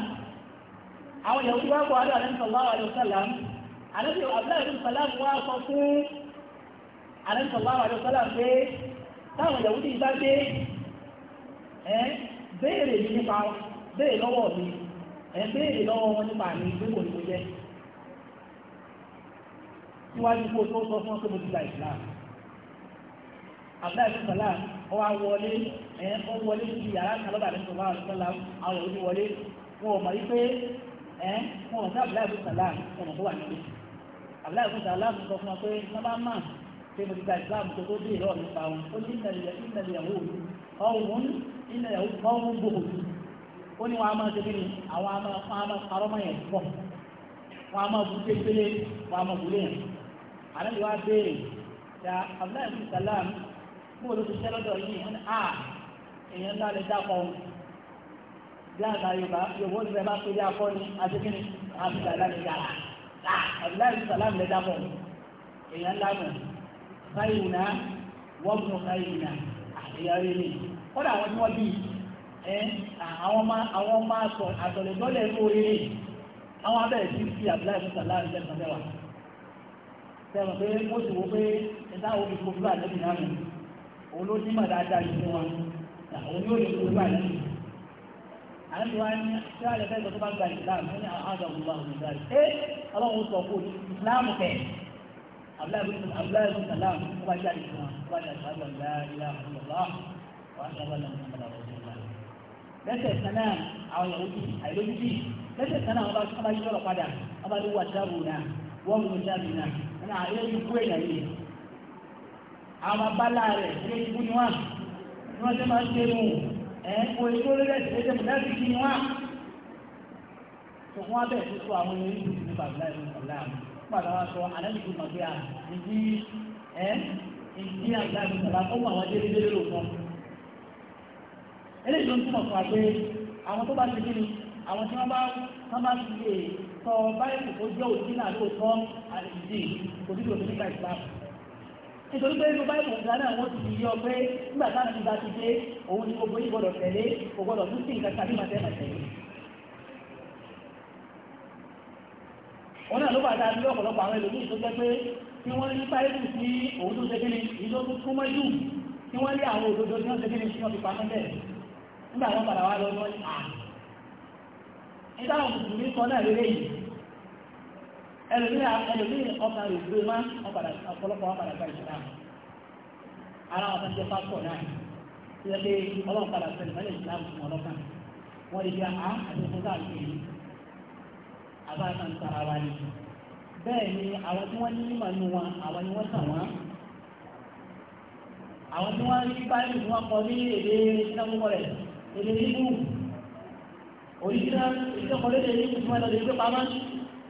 àwọn yahudi wá kọ́ adọ́ àdẹ́bìn sallallahu alayhi wa sallam àdẹ́bìn abúlẹ́bìn salam wá sọ fún àdẹ́bìn sallallahu alayhi wa sallam pé táwọn yahudi bá dé ẹ béèrè mi nípa béèrè lọ́wọ́ mi ẹ béèrè lọ́wọ́ wọn nípa mi pé kò ní mo jẹ́ síwájú kó tó sọ fún ọ abdullahi sọlá ọwọ́ wọlé ẹ̀ ọ wọlé sí yàrá kan lọ́dà àdéhùn sọlá sọlá àwọn òbí wọlé wọn ò mọ̀ yí pé ẹ̀ wọn ò ọmọ tó wà nílé abdullahi sọ fún wa pé sábà máa pé mo ti gba islam tó tó dé ìrọ̀ nípa wọn ó ní ilẹ̀ ìyàwó ọ̀hún ilẹ̀ ìyàwó ọ̀hún gbòòrò ó ní wọn a máa ṣe kí ni àwọn a máa fún a máa parọ́ mọ́ yẹn pọ̀ wọn a máa bu pépélé wọn a máa bu léyìn àlejò wa béèrè ya abdullahi salam níbo ló ti ṣẹ́ lọ́dọ̀ yìí wọ́n ní à èèyàn ńlá lè dákọ̀ ọ́n bí àgbà yorùbá yorùbá ó ti rẹ̀ bá pé yá akọ́ ni àti kí ni àti sàlá lè yàrá àbíláì sàlá lè dákọ̀ èèyàn ńlá nù báyìí nà wọ́n mú báyìí nà àyà rẹ̀ ni kọ́dà àwọn tí wọ́n bí ẹ àwọn ọmọ àwọn ọmọ àtọ̀lẹ̀dọ́lẹ̀ ń wọlé àwọn abẹ́rẹ́ sí fi àbíláì sàlá lè dákọ̀ sẹ́wọ̀n pé wọ́n ti wọ pé ẹ̀dá òbí kò òun ló nímọ̀ dáadáa nínú wọn òun yóò lè kó wà yìí àti wá ní tí wàá lè fẹ́ sọ tó bá gba ìsìlámù ní àwọn àgbà òun bá òun dáa ṣé ọlọ́run sọ fún ìsìlámù kẹ̀ abúláyé fún sàlám tó bá jáde fún wọn tó bá jáde fún wọn láàrín àwọn ọ̀la wàá sábà lọ sí ọ̀la ọ̀sẹ̀ ìlà lẹ́sẹ̀ sẹ́nà àwọn yòówù bíi àìlójú bíi lẹ́sẹ̀ sẹ́nà àwọn bá yí ọ̀rọ̀ padà wọ́n bá lówó àdáwò náà wọ́n mú un jáde náà àwọn abálá rẹ̀ tí ó ti fún ni wá ní wọ́n tẹ́ máa ń ṣe nù ẹ̀ kó èyí tó lélẹ̀ tí ó tẹ́ mọ̀ láti kí ni wá. tó fún wa bẹ́ẹ̀ tó tó àwọn ẹni tó ti bàbá láì fún ọ̀la fún àtàwọn sọ alẹ́nìkú màgbé à ìdí ẹ̀ ìdí àgbà ìgbàlá ó wà wọ́n délé délé lòótọ́. eléyìí ló ń túmọ̀ fún wa pé àwọn tó bá ti kí ni àwọn tí wọ́n bá wọ́n bá ti lè sọ báyìí kò jẹ́ òsínà lóòótọ́ àlejò òsínà ìgbà ìgbà nítorí pé inú báyìí mọ̀gá náà wọ́n ti yí ọ pé nígbà táwọn ìgbà ti dé òun ni gbogbo ìgbọ̀dọ̀ tẹ̀lé kò gbọ́dọ̀ tún sí nǹkan tàbí màtẹ́ màtẹ́ òun náà ló bàtà ní ọ̀pọ̀lọpọ̀ àwọn ẹlòmíì tó jẹ́ pé tí wọ́n ní báyìí sí òun tó ṣẹ́gẹ́ni ìlú tó tún mọ́ jù tí wọ́n lé àwọn òdodo tí wọ́n ṣẹ́gẹ́ni tí wọ́n fi pamọ́ bẹ́ẹ̀ nígbà wọn padà wá lọ ẹlòmíì ẹlòmíì ọkàn rẹ̀ gbé má ọ̀pọ̀lọpọ̀ wọn padà gba ìṣúná ara wọn fẹsẹ̀ pásítọ̀ náà tí wọ́n lé ọlọ́run padà sẹ́lẹ̀ mẹ́lẹ̀ ìṣúná fún ọlọ́kàn wọ́n lè fi àá àti ìfúnká àti èyí àbá kan tara wa ni bẹ́ẹ̀ ni àwọn tí wọ́n ní mímọ̀ nínú wọn àwọn ni wọ́n tàn wọ́n àwọn tí wọ́n rí báyìí ni wọ́n kọ ní èdè ìṣẹ́gun rẹ̀ èdè ìbú òyìnbó ìṣẹ́kọ̀ọ́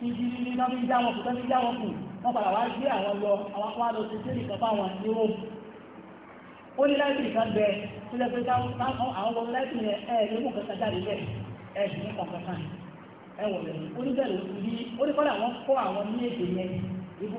títí náà fi já wọn kù tẹ́sí já wọn kù wọ́n padà wá gbé àwọn lọ àwọn lọ sí sílì kan fáwọn ní ó ó ní láìpì kan bẹ tó lẹ́ pé àwọn ọmọ yẹn kankan jáde ní kankan kan wọ̀ ó ní bẹ̀rẹ̀ bí ó ní kọ́ àwọn ní èdè yẹn ibú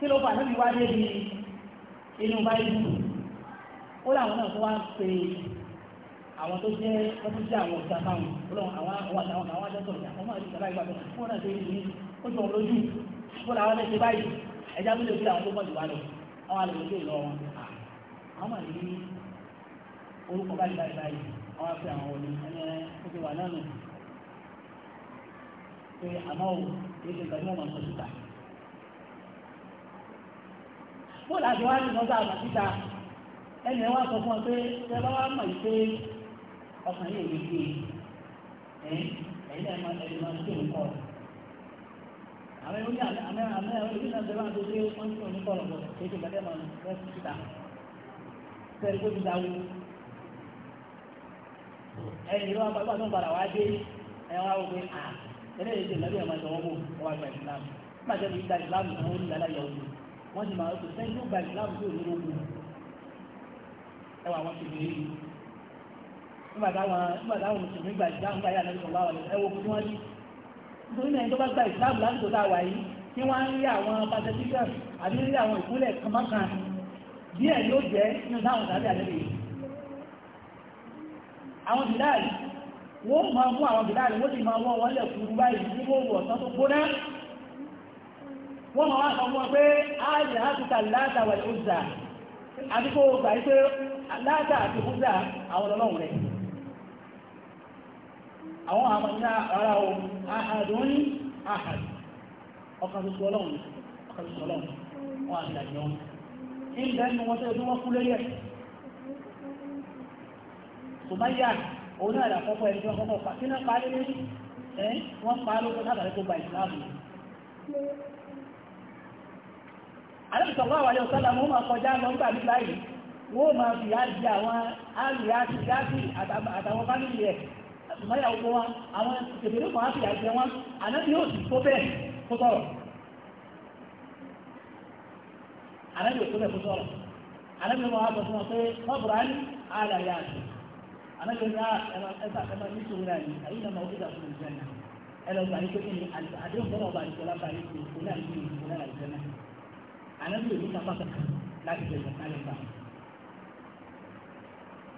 kí ló fà níbi wá débi inú báyìí ó láwọn náà tó wá ń pe àwọn tó jẹ́ lọ́tún sí àwọn ọ̀gá fáwọn olóhùn àwọn àwọn àtàwọn àwọn àjọsọ̀ ìjà àwọn àti ìjọba ìgbà tó fún ọ̀nà tó yẹ ní ó jọ wọn lójú ó làwọn ẹgbẹ́ báyìí ẹja ló lè fi àwọn tó mọ̀ jù wá lọ àwọn àlejò tó lọ wọn àwọn àlè ní orúkọ báyìí báyìí báyìí àwọn àfi àwọn òní ẹni ẹ ti wà náà nù pé àmọ́ ò kì í ṣe ìgbà tí wọ́n mọ̀ bóòlù àti wá ní ọjà àgbà síta ẹni ẹ wá sọ fún ọ pé ṣe bá wá mọ̀ pé ọkàn yóò lè gbé ẹ̀yìn náà máa ẹni máa tó nǹkọ́ àwọn ẹni àmẹ́ àmẹ́ àwọn ẹni náà bẹ́ẹ̀ máa tó pé wọ́n tó nǹkọ́ lọ́pọ̀ kéèké gbàdé máa rẹ́ síta sẹ́ni tó ti dáwó ẹni ìlú wọn pàápàá tó ń padà wá dé ẹni wọn á wò pé à ẹni èyí ti lọ́bí ẹ̀ máa tọwọ́ bò wọ́n wá gba ìsìlámù wọ́n ti máa ń sọ sẹ́yìn tó gba ìsìláàmù tó ní ogun ẹwà wọn ti gbé yìí nígbà táwọn mùsùlùmí gba ìsìláàmù báyà lẹ́yìn ọ̀la wà lẹ́yìn ẹwọ́ fún wọn nítorí náà ẹni tó bá gba ìsìláàmù láti tòlá wà yìí kí wọ́n á rí àwọn pàṣẹsíkà àbí rí àwọn ìpínlẹ̀ kọ̀mọ́kan díẹ̀ yóò jẹ́ nínú táwọn tàbí àlẹ́lẹ́ yìí àwọn bìláàlì wọ́n máa wá sọ fún wọn pé ààyè áfíríkà láàtà wà lóòzà àti kó gbà yí pé láàtà àti òòzà àwọn ọlọ́run rẹ̀ àwọn àmàlà ara o àhàdùn ní àhàdù ọkàn tuntun ọlọ́run ọkàn tuntun ọlọ́run wọn àti àjọ ilẹ̀ nínú wọn tẹ́lẹ̀ tí wọ́n kú lórí ẹ̀ sùmáyà òun náà àkọ́kọ́ ẹni tí wọ́n kọ́kọ́ pa kí náà pa á lé lórí ẹ̀ wọ́n pa á lóko látàrí tó gba ìsìláàmù alábìsọ̀lọ́ àwàlẹ̀ ọ̀sọ́là mọ́ máa kọjá lọ nígbà nígbà yìí wọ́n máa fi ájì àwọn alùyá ti dáàbì àtàwọn fámìlì ẹ̀ àtùmáyà oko wọn àwọn tèbèrè kan á fi àjẹ wọn ànábì yóò sì tó bẹ́ẹ̀ pé ọ̀bùrọ̀ ní àlàyé àti ànábì yóò ẹ̀sà ẹ̀mà ní ìṣòro náà ní àyè náà máa ó dé ìjẹ́ náà ẹ ní pé kí ni àdéhùn tọ́lọ̀ ànábì òní kápá kankan láti bẹ̀rẹ̀ ìgbàkalẹ̀ gbà.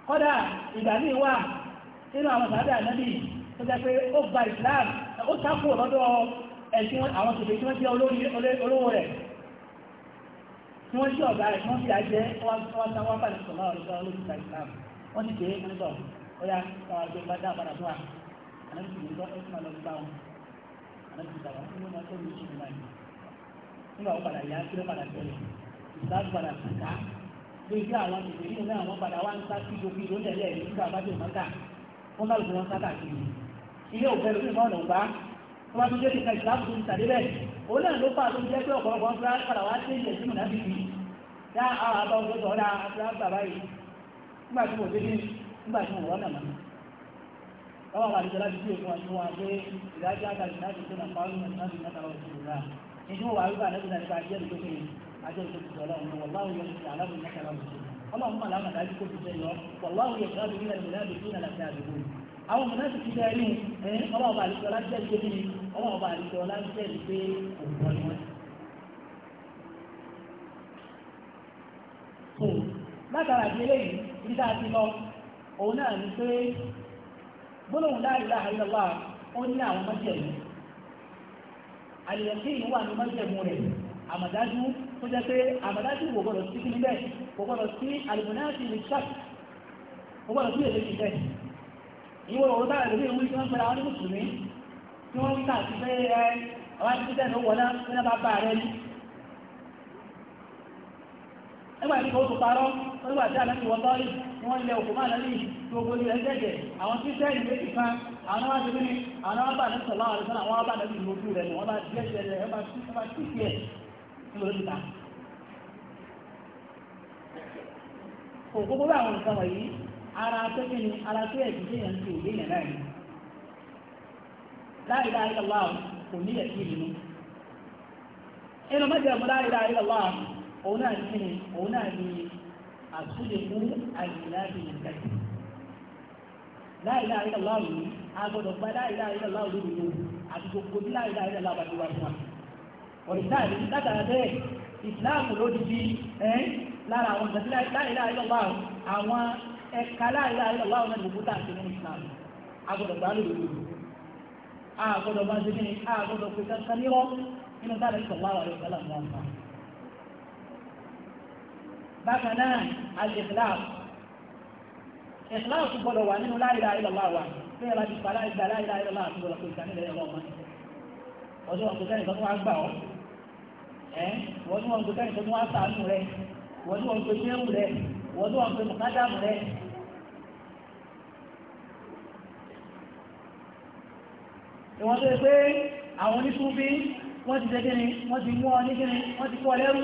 kọ́dà ìgbà míì wà nínú àwọn sàádà ànábì tó jẹ́ pé ó gba Islam ó sáfù lọ́dọ̀ ẹ̀sìn àwọn tòbí tí wọ́n jẹ́ olówó rẹ̀ tí wọ́n jẹ́ ọ̀gá rẹ̀ tí wọ́n fi àjẹ́ wọ́n táwọn bá nìkan náà lọ́dọ̀ olóòtú Islam wọ́n ti dé nígbà ọ̀yá káwọn àjọ bá dá padà fún wa ànábì tó ń lọ ẹ̀sìn àlọ́ nígbà wọn padà yá kí ló padà tẹ̀lé ìsáàbù padà kàkà lójú àwọn tètè nínú náà wọn padà wá ń sá kíjo kíjo tẹ̀lé ẹ̀rí nígbà bá dùn mọ́ta wọn bá lùkù wọn sá káàkiri ilé òfẹ́ lórí ìmọ̀ ọ̀nà ògbà wọn bá tún jẹ́ kíkà ìsáàbù tó ń tàdé bẹ́ẹ̀ òun náà ló fà ló jẹ́ pé ọ̀pọ̀lọpọ̀ ń fúra padà wá sí ilẹ̀ sínú náà bìbí dá àwọn àbá ọgbẹ́ tó ọ̀dà afúrá bàbá yìí nígbà tí mo dé inú wa wípé àlẹ́ na nípa ajẹ́ ìgbókè ajẹ́ ìgbókè ọlọ́run ní àlìyàkín wà ní mọ́jẹ̀mú rẹ̀ àmàdájú tó jẹ́ pé àmàdájú kò gbọ́dọ̀ sí níbẹ̀ kò gbọ́dọ̀ sí àlùmọ́náàtì ní ṣáàp kò gbọ́dọ̀ sí èdè ìṣẹ́ ìwọ̀n òun bá ẹ̀rọ ìwé tí wọ́n pẹ̀lú àwọn mùsùlùmí tí wọ́n ń kà sí pé ẹ àwọn akíkítẹ́ ní wọlé ní bá bá rẹ nígbà tí ó tún parọ́ nígbà tí àlẹ́ ìwọ̀n tọ́lì ni wọ́n ilẹ̀ òkú máa lẹ́yìn tí ogun ilẹ̀ jẹ́jẹ̀ àwọn tí sẹ́yìn méjì kan àwọn wá débi ní àwọn wá bá lẹ́sìn ọ̀la àrẹ́sán àwọn wá bá lẹ́sìn lójú rẹ̀ ni wọ́n bá jẹ́jẹ̀ rẹ̀ ẹ bá sí ẹ bá sí sí ẹ̀ nílòó níta. òkúkú bá àwọn nǹkan wọ̀nyí ara pẹ́kẹ́ ni ara tó ẹ̀ ti déyàn ti òye yẹn láì láì láì lọ́wọ́ kò ní òun náà ní kíni òun náà ní àtúndè mú àìláàbì ìgbàgbé láìláà ilẹ̀ láàrú agbọ́dọ̀ gba láìláà ilẹ̀ láàrú nínú àti gbogbo bí láìláà ilẹ̀ láàrú àti wájú wa ọ̀rìsáàlì látara bẹ́ẹ̀ ìsìláàmù ló ti di ẹ́ lára àwọn ìgbàgbé láìláà ilẹ̀ láàrú àwọn ẹ̀ka láìláà ilẹ̀ láàrú náà gbogbo tá à ń ṣe nínú ìsìláàmù agbọ́dọ̀ gba lórí òdodo agbọ́dọ̀ máa ṣe kíni agbọ́dọ̀ pé kankan nírọ́ nínú táàlẹ́ ìsọ̀lá bákan náà al-ikhlas ikhlas gbọ́dọ̀ wà nínú la ilaha illallah wa fẹ́ yàrá ti fara ìgbà la ilaha illallah àti gbọ́dọ̀ kó ìgbà nílẹ̀ ẹ̀rọ ọmọ ọdún wọn kò sẹ́ni tó tún wá gbà ọ́ ẹ́ wọ́n ní wọn kò sẹ́ni tó tún wá sàánú rẹ wọ́n ní wọn kò sẹ́wù rẹ wọ́n ní wọn kò mọ̀kádàmù rẹ ìwọ̀n tó yẹ pé àwọn oníṣúbí wọ́n ti ṣe kíni wọ́n ti mú ọ ní kíni wọ́n ti kú ọ lẹ́rú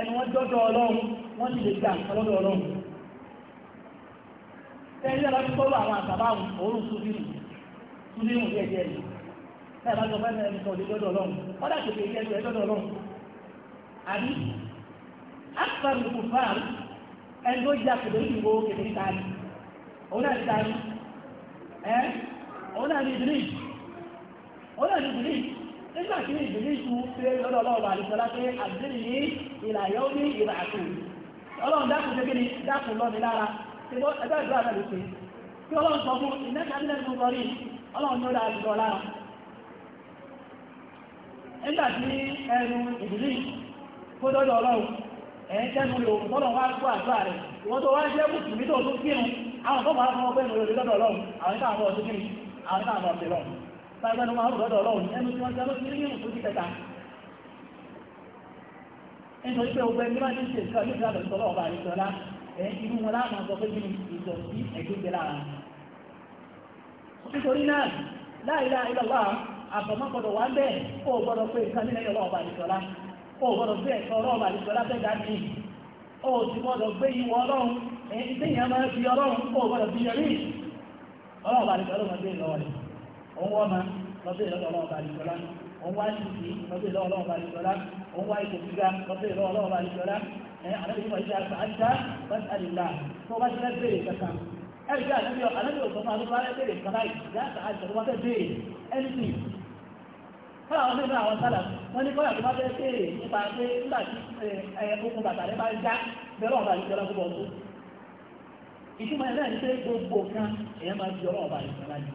ẹnu wọn jọ́jọ́ ọlọ́run wọ́n ti lè gbà ọlọ́dọ̀ ọlọ́run tẹ́lẹ̀ lọ́dún tọ́lọ̀ àwọn àtàbà òórùn súnmínú súnmínú díẹ̀ díẹ̀ ni bẹ́ẹ̀ bá jọ fẹ́ mẹ́rin sọ lè jọ́jọ́ ọlọ́run ọ̀dà kò fẹ́ yẹ jọ́jọ́ ọlọ́run àbí akpari kò fà ẹni tó jẹ́ àkùdé ìdìbò kèké tani òun náà ti tani ẹ́ òun náà ti ìdìrí òun náà ti ìdìrí nígbà tí ìdìrí yusuf ṣe lọ́dọ̀ ọlọ́ọ̀bà àdìsọ́lá pé àdìsẹ́lì ní ìlàyé ó ní ìlà àtò ọlọ́run dákun ṣe kíni dákun lọ́ni lára ẹgbẹ́ ìdúrà náà ló ṣe kí ọlọ́run sọ fún iná kábínẹ̀ tó sọ rí ọlọ́run ló dáa jùlọ lára nígbà tí ẹnu ìdílé kó dọ́dọ̀ ọlọ́run ẹ̀ ń tẹ́nu lò tọ́lọ̀ wá kó àwọn tó máa lágbẹ́nu máa rù lọ́dọ̀ ọlọ́run ẹnu tí wọ́n jẹ́ ló kiri nínú fojú kẹta nítorí pé ogun ẹni máa ń ṣe ìṣọ́ yóò dábẹ̀ sọ́lọ́ ọba àti ìṣọ́lá ẹ̀ inú wọn láàmà sọ pé nínú ìjọ sí ẹ̀gbẹ́gbẹ́ lára nítorí náà láìlá ìlọ́wà àtọ̀mọ́gbọ́dọ̀ wà bẹ́ẹ̀ kó o gbọ́dọ̀ pé nǹkan nílẹ̀ ọlọ́ ọba àdìsọ́lá kó o gbọ́dọ̀ pé ẹ̀sọ́ ọlọ́ ọba àdìsọ́lá fẹ́ dání ó ti gbọ́dọ̀ gbé ìwọ ọlọ́run ẹ̀yìn tí òun wọ́n ma lọ́sẹ̀ lọ́dọ̀ ọlọ́run bá nìjọlá òun wá ìsìnkì lọ́sẹ̀ lọ́dọ̀ ọlọ́run bá nìjọlá òun wá ipò gíga lọ́sẹ̀ lọ́dọ̀ ọlọ́run bá nìjọlá àlẹ́bí wọ́n ìjà àṣà bẹ́ẹ̀ àdìlá tó bá ṣẹlẹ̀ bèrè kankan ẹ̀rí bí àlẹ́bí àlẹ́bí ò sọ fún àlẹ́bí wọ́n bèrè kankan báyìí láti àṣà tó wọ́n fẹ́ bèrè ẹnìtì kọ́lá wọn nínú àwọn sálà wọn ní kọ́lá tó bá fẹ́ bèrè nípa pé nígbà tí okun bàtà rẹ bá ń já bẹ́ẹ̀ ọ̀bà ìjọba gbogbo ọdún ìtumọ̀ ẹ̀ náà ní pé gbogbo kan èèyàn máa fi ọlọ́ọ̀bà ìjọba yìí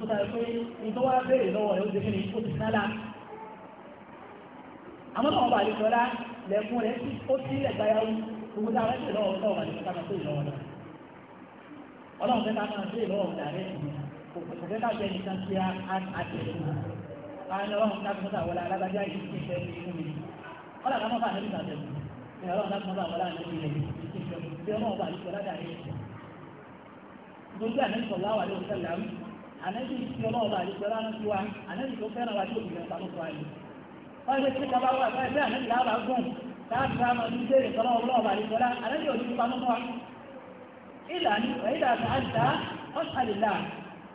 tó tàbí pé ìtọ́ wá bèèrè lọ́wọ́ rẹ̀ ó jẹ́ kíni ó ti sálá àmọ́ náà wọ́n bá lè sọ́lá lẹ́kún rẹ̀ ó sí ẹ̀gbáyàwó gbogbo táwọn ẹ̀sẹ̀ lọ́wọ́ náà wà lè sọ́lá máa bèèrè lọ́wọ́ náà ọlọ́run fẹ́ ká máa bèèrè lọ́wọ́ dàrẹ́ kò fẹ́ ká bẹ́ẹ̀ nìkan sí àtẹ̀lẹ́ àwọn ọlọ́run ká fún tàwọn alágbájá yìí ti fẹ́ ní fún mi ọlọ́run ká má bàa nẹ́bí tàbẹ̀lú ni ọlọ́run ká fún tàwọn alágbájá yìí ti fẹ́ ní fún mi ọlọ́run bá lè sọ́lá dàrẹ́ ànẹ́bí tí ọlọ́ọ̀bà àdìgbẹ́lá ń fi wa ànẹ́bí tó fẹ́ràn wa tí òbí mẹ́ta ló fọ́ ayé wọ́n ṣe tí kaba wà fẹ́ fẹ́ ànẹ́bí láàbà gùn láàbì ráàmà ní ilé ìtọ́lọ́ ọlọ́ọ̀bà àdìgbẹ́lá ànẹ́bí òbí ti panú wa ìlà ní ẹ̀yìdà àṣà ọ̀ṣàlélà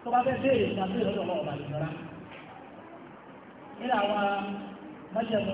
tó bá fẹ́ béèrè ìtàbí ọlọ́ọ̀bà àdìgbẹ́lá ìlà wa mọ́ṣẹ́mu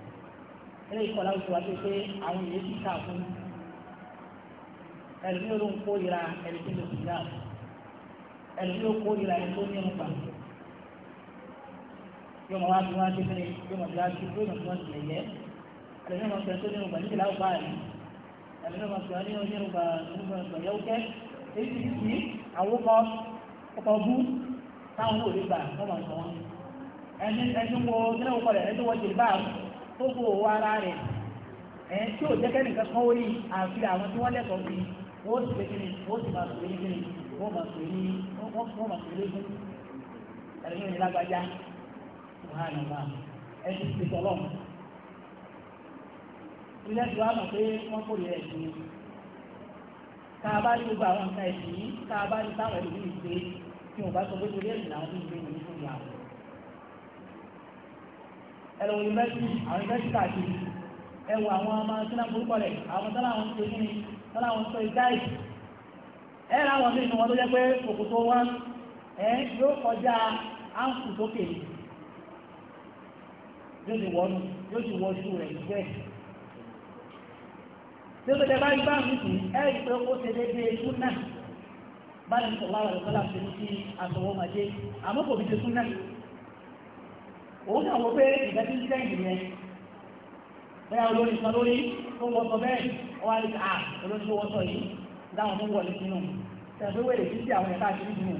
ilé ìkọ́ láwùjọ wa tó pé àwọn èyí ti kà fún ẹ̀lùmí ló ń kórìíra ẹ̀lùmí ló ti dá ẹ̀lùmí ló kórìíra ẹni tó ní ẹnu gbà yóò máa wá bí wọ́n á dé fẹ́rẹ̀ yóò máa bí wọ́n á dé yóò máa bí wọ́n ti lè yẹ ẹ̀lùmí máa fẹ́ tó ní ẹnu gbà níbi láwùjọ àyè ẹ̀lùmí máa fẹ́ ní ẹnu gbà nígbà yọ̀ọ́kẹ́ èyí ti ọkọ̀ bú táwọn ò gbà wọ́n máa sọ wọn ẹni ẹni wo kí tó bo òwò ara rẹ̀ ẹ̀ tí ò jẹ́kẹ́ nìkan kan ó rí àfi àwọn tí wọ́n lẹ́tọ̀ọ́ sí wọ́n sì pé kíni wọ́n sì máa pè kíni wọ́n máa máa lójú ẹ̀rọ ní lágbájá ti mọ̀ pé wọ́n a bá rí gbogbo àwọn nǹkan ẹ̀sìn a bá rí táwọn ẹ̀sìn yìí pé ẹ̀rọ yunifásitì àwọn yunifásitì káàkiri ẹ̀wọ̀ àwọn ọmọ sínú àgbórúkọ rẹ̀ àwọn tọ́lá àwọn tó kíni tọ́lá àwọn tó ìdáì ẹ̀rọ àwọn nínú wọn tó jẹ́ pé òkòtò wọn ẹ̀ yóò kọjá áǹkù sókè yóò ti wọnú yóò ti wọṣú rẹ̀ nígbẹ́ tí ó tẹ́tẹ́ bá rí bá mi sùn ẹ̀ rí pé ó ṣe déédéé súnà báyìí sọ̀rọ̀ àwọn ọ̀sọ́lá ṣe ní sí àtọwọ́mọdé àmọ́ kò fi ṣe súnà òun náà wọ́n pé ìgbà ń sẹ́yìn yẹn bẹ́ẹ̀ olórí sọ lórí tó wọ́n sọ bẹ́ẹ̀ ọwọ́ àti à olórí tó wọ́n sọ yìí dáhùn tó wọlé sínú tẹ̀sán wẹ̀rẹ̀ sí sí àwọn ẹ̀ka àti ìdùnnú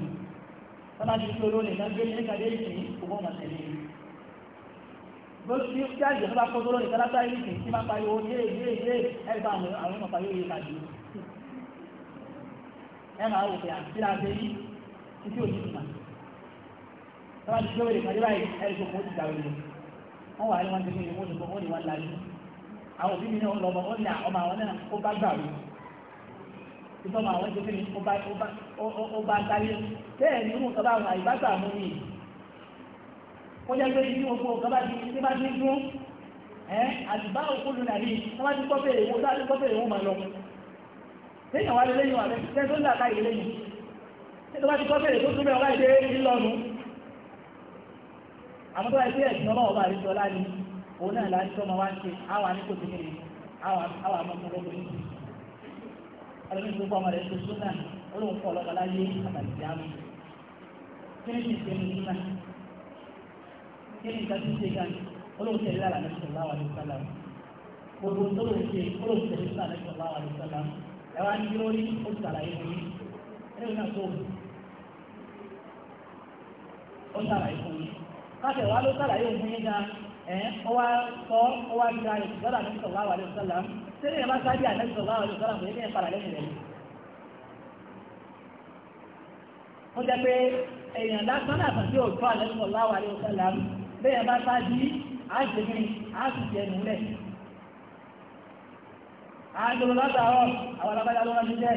tọ́lá ti fi olórí ìgbà gbé ní ìkàdé ìsìn ògbó ọmọ tẹ̀lé lórí tí àjẹ́ tó bá kọ́ lórí ìtàlápá ìsìn tí máa pariwo yé yé yé ẹgbà àwọn ọmọ pariwo yé kàdé ẹ máa wò pé àti tọ́wọ́ ti gbé wèrè pàdé báyìí ẹ̀rí tó kó ti gbà wèrè wọ́n wà ní wọ́n ti ní ìwọ́n tó kó wọ́n ní wọ́n lajú àwọn òbí mi náà lọ́mọ ó ní ọmọ àwọn náà ó bá gbà wí ìtọ́mọ àwọn tó kí ni ó bá dáyé bẹ́ẹ̀ ni irú nǹkan bá wà ìbáṣà mú mi ó jẹ́ pé ní gbogbo nǹkan bá ti ní bá ti dún ẹ́ àtìbá òkúlù nàbí wọ́n bá ti kọ́ bèrè wọ́n sáré kọ́ bèrè wọ́n lẹ́yìn àwọn tó ń dà káyè lẹ́yìn tó bá ti kọ́ bèrè tó tún bẹ́ẹ̀ wọ́n bá ti àmọ́ tó ẹgbẹ́ ẹ̀sìn ọlọ́wọ́ bá rí sọlá ni òun náà láti tọ́ ma wá ń ṣe àwọn àníkò tó kéré àwọn àmọ́tò lọ́gbọ̀n ní ọlọ́run tó kọ́ ọmọ rẹ̀ tó súnà olóhùn kọ́ ọlọ́gbà láyé àtàlìsí àmì kí ni ti ṣe ní súnà kí ni ìta ti ṣe gan olóhùn tẹ̀lé lára káṣẹ̀ wá ló sàlàyé òun yín gan ẹ̀ ọwá sọ ọwá bí ra ètò sọ́dà nínú sọ̀rọ̀ àwọn àlejò sọ́dà sẹ́ni ẹ̀ bá sáájú àlejò sọ̀rọ̀ àwọn àlejò sọ́dà kò ní kí ẹ̀ padà lẹ́yìn rẹ̀. ó jẹ́ pé èèyàn lásán làtàn tí ò tó àlejò sọ̀rọ̀ àwọn àlejò sọ́dà bẹ́ẹ̀ bá sáájú àjẹmí àtúntì ẹnu àjọlọ látàárọ̀ àwọn alábàdà ló rántí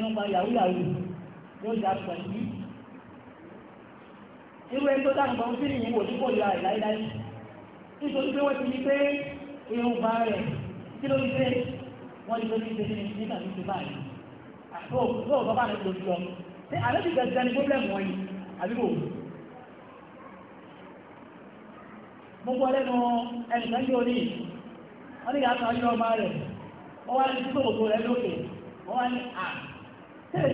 nípa yahoo yahoo yóò dá pẹ̀lú irú ẹni tó dáhùn bọ́n sí ìyẹn wò ní kò yọ àìláìláì nítorí pé wọ́n ti ní pé irun bá rẹ̀ kí ló ń ṣe wọ́n ní lórí ṣe ní nígbà tó ti báyìí àtò tó ọ̀gá bá rẹ̀ ló ti lọ ṣé àlejò gẹ̀ẹ́sì ni pọ́blẹ́mù wọn yìí àbíkò mo gbọ́ lẹ́nu ẹnìkan yóò ní wọ́n ní yàtọ̀ ọjọ́ ọba rẹ̀ wọ́n wá ní sí rẹ̀ lókè wọ́n wá ní à tí èdè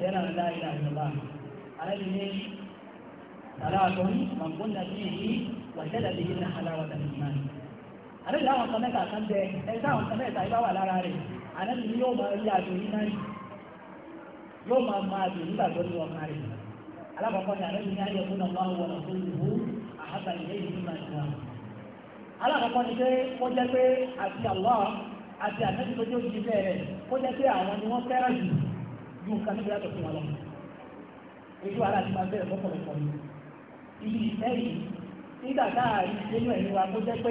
fẹ́ràn láìlà ìjọba àrẹ́bí ní màgbọ́n nàbí yìí wàjẹ́dàbí yìí ní aláwọ̀ tàbí ìmáà àdébì láwọn kan mẹ́ta kan jẹ ẹ táwọn kan mẹ́ta ibà wà lára rẹ̀ àdébì ni yóò máa rí àjò yìí náà yóò máa ma àjò nígbà tó ní ọkàn rẹ̀ alákọ̀ọ́kọ́ ni àdébì ní ayé fún ọmọ ni pé ó jẹ́ pé àti àlọ́ àti àdébì tó jẹ́ òjì bẹ́ẹ̀ rẹ̀ ó jẹ́ pé àwọn ni wọ́n fẹ́ràn jù ju nǹkan níbi látọ̀ fún wọn lọ. èyí wàhálà máa bẹ̀rẹ̀ lọ́pọ̀lọpọ̀ yìí nígbà táàrí nínú ẹ̀yìn wa kó jẹ́ pé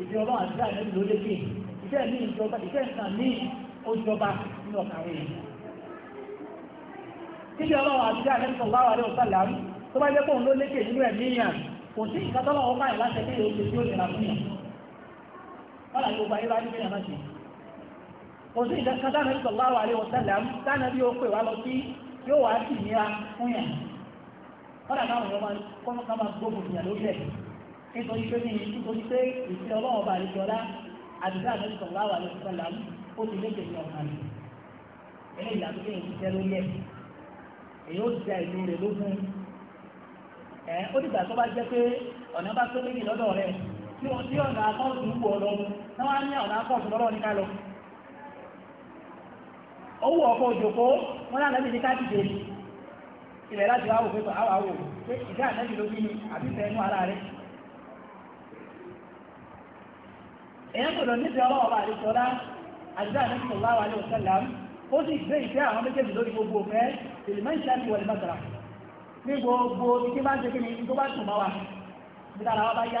ìfẹ́ ọlọ́run àti láì lẹ́nu ló lékè ìfẹ́ mi ìjọba ìfẹ́ nǹkan ní ó jọba nínú ọkàn rẹ̀ níbi ọlọ́run àti láì lẹ́nu sọ̀rọ̀ tó bá jẹ́ pé òun ló lékè nínú ẹ̀mí yàn kò sí láti ẹgbẹ́ tí ó nira fún yàn wọ́n gbogbo ayé bá nítorí pé ní nítorí pé ìfẹ́ ọlọ́run bá àlejò ọlá àdúrà àti sọ̀rọ̀ àwọn àlejò sọ̀rọ̀ ó ti léde ní ọ̀kan rẹ̀ ẹ̀yìn ìyàtọ̀ pé èyí ṣiṣẹ́ lórí èyí ó ti rẹ̀ lógún ẹ̀ ó tó bá jẹ́ pé ọ̀nà bá tó léyìn lọ́dọ̀ rẹ̀ tí wọ́n ọ̀nà akọ́ọ̀tù ń èèyàn kò lọ nífẹ̀ẹ́ ọlọ́wọ́ bá àdéṣe ọlá àdéṣe àdéṣe ọlá wa ní ọ̀sẹ̀lá ó sì gbé ìfẹ́ àwọn méjèèjì lórí gbogbo ọ̀fẹ́ tèlèmẹ́ǹtì àti wọlé mọ́tàrà ní gbogbo ike bá ń ṣe kíni tó bá tún bá wa ní dára wa bá yá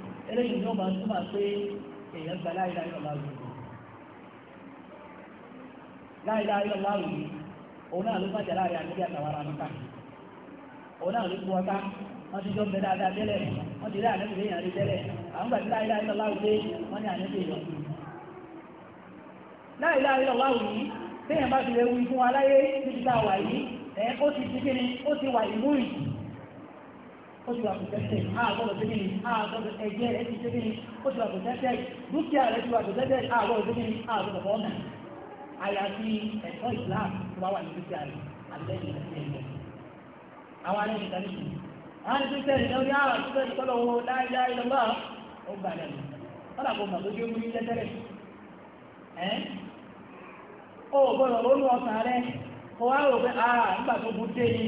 eléyìí ni ó máa túmọ̀ pé èèyàn gba láìláì lọ́la láìláì òun náà ló bàjẹ́ láàrin àgbẹ̀dẹ́ àtàwọn ará òun náà ló kú ọta wọ́n ti jọ bẹ dáadáa ti rí àwọn láìláì pé ní èèyàn láìláì téèyàn bá ti yìí ó ti ti ó ó ti wà kò tẹ́tẹ́ àgbọ̀dọ̀ tó kíni àgbọ̀dọ̀ ẹ̀jẹ̀ rẹ̀ ti tó kíni ó ti wà kò tẹ́tẹ́ dúkìá rẹ̀ ti wà kò tẹ́tẹ́ àgbọ̀dọ̀ tó kíni àgbọ̀dọ̀ bọ́ ọ̀nà àyàfi ẹ̀kọ́ Islam tó bá wà ní dúkìá rẹ̀ àtẹ́yìn ẹ̀jẹ̀ àwọn alẹ́ nìkan nìkan àwọn alẹ́ tó tẹ̀lé lórí àwọn àtúntò ìkọlọ̀ owó láyá ìlọ́gbà ó gbà lẹ́nu kọ́lá kò mọ̀ tó gé múlí tẹ́tẹ́rẹ́ ẹ́ ó gbọ́dọ̀ lónú ọ̀sán rẹ̀ kó wá rò pé àà ah, nígbà tó bu dé ni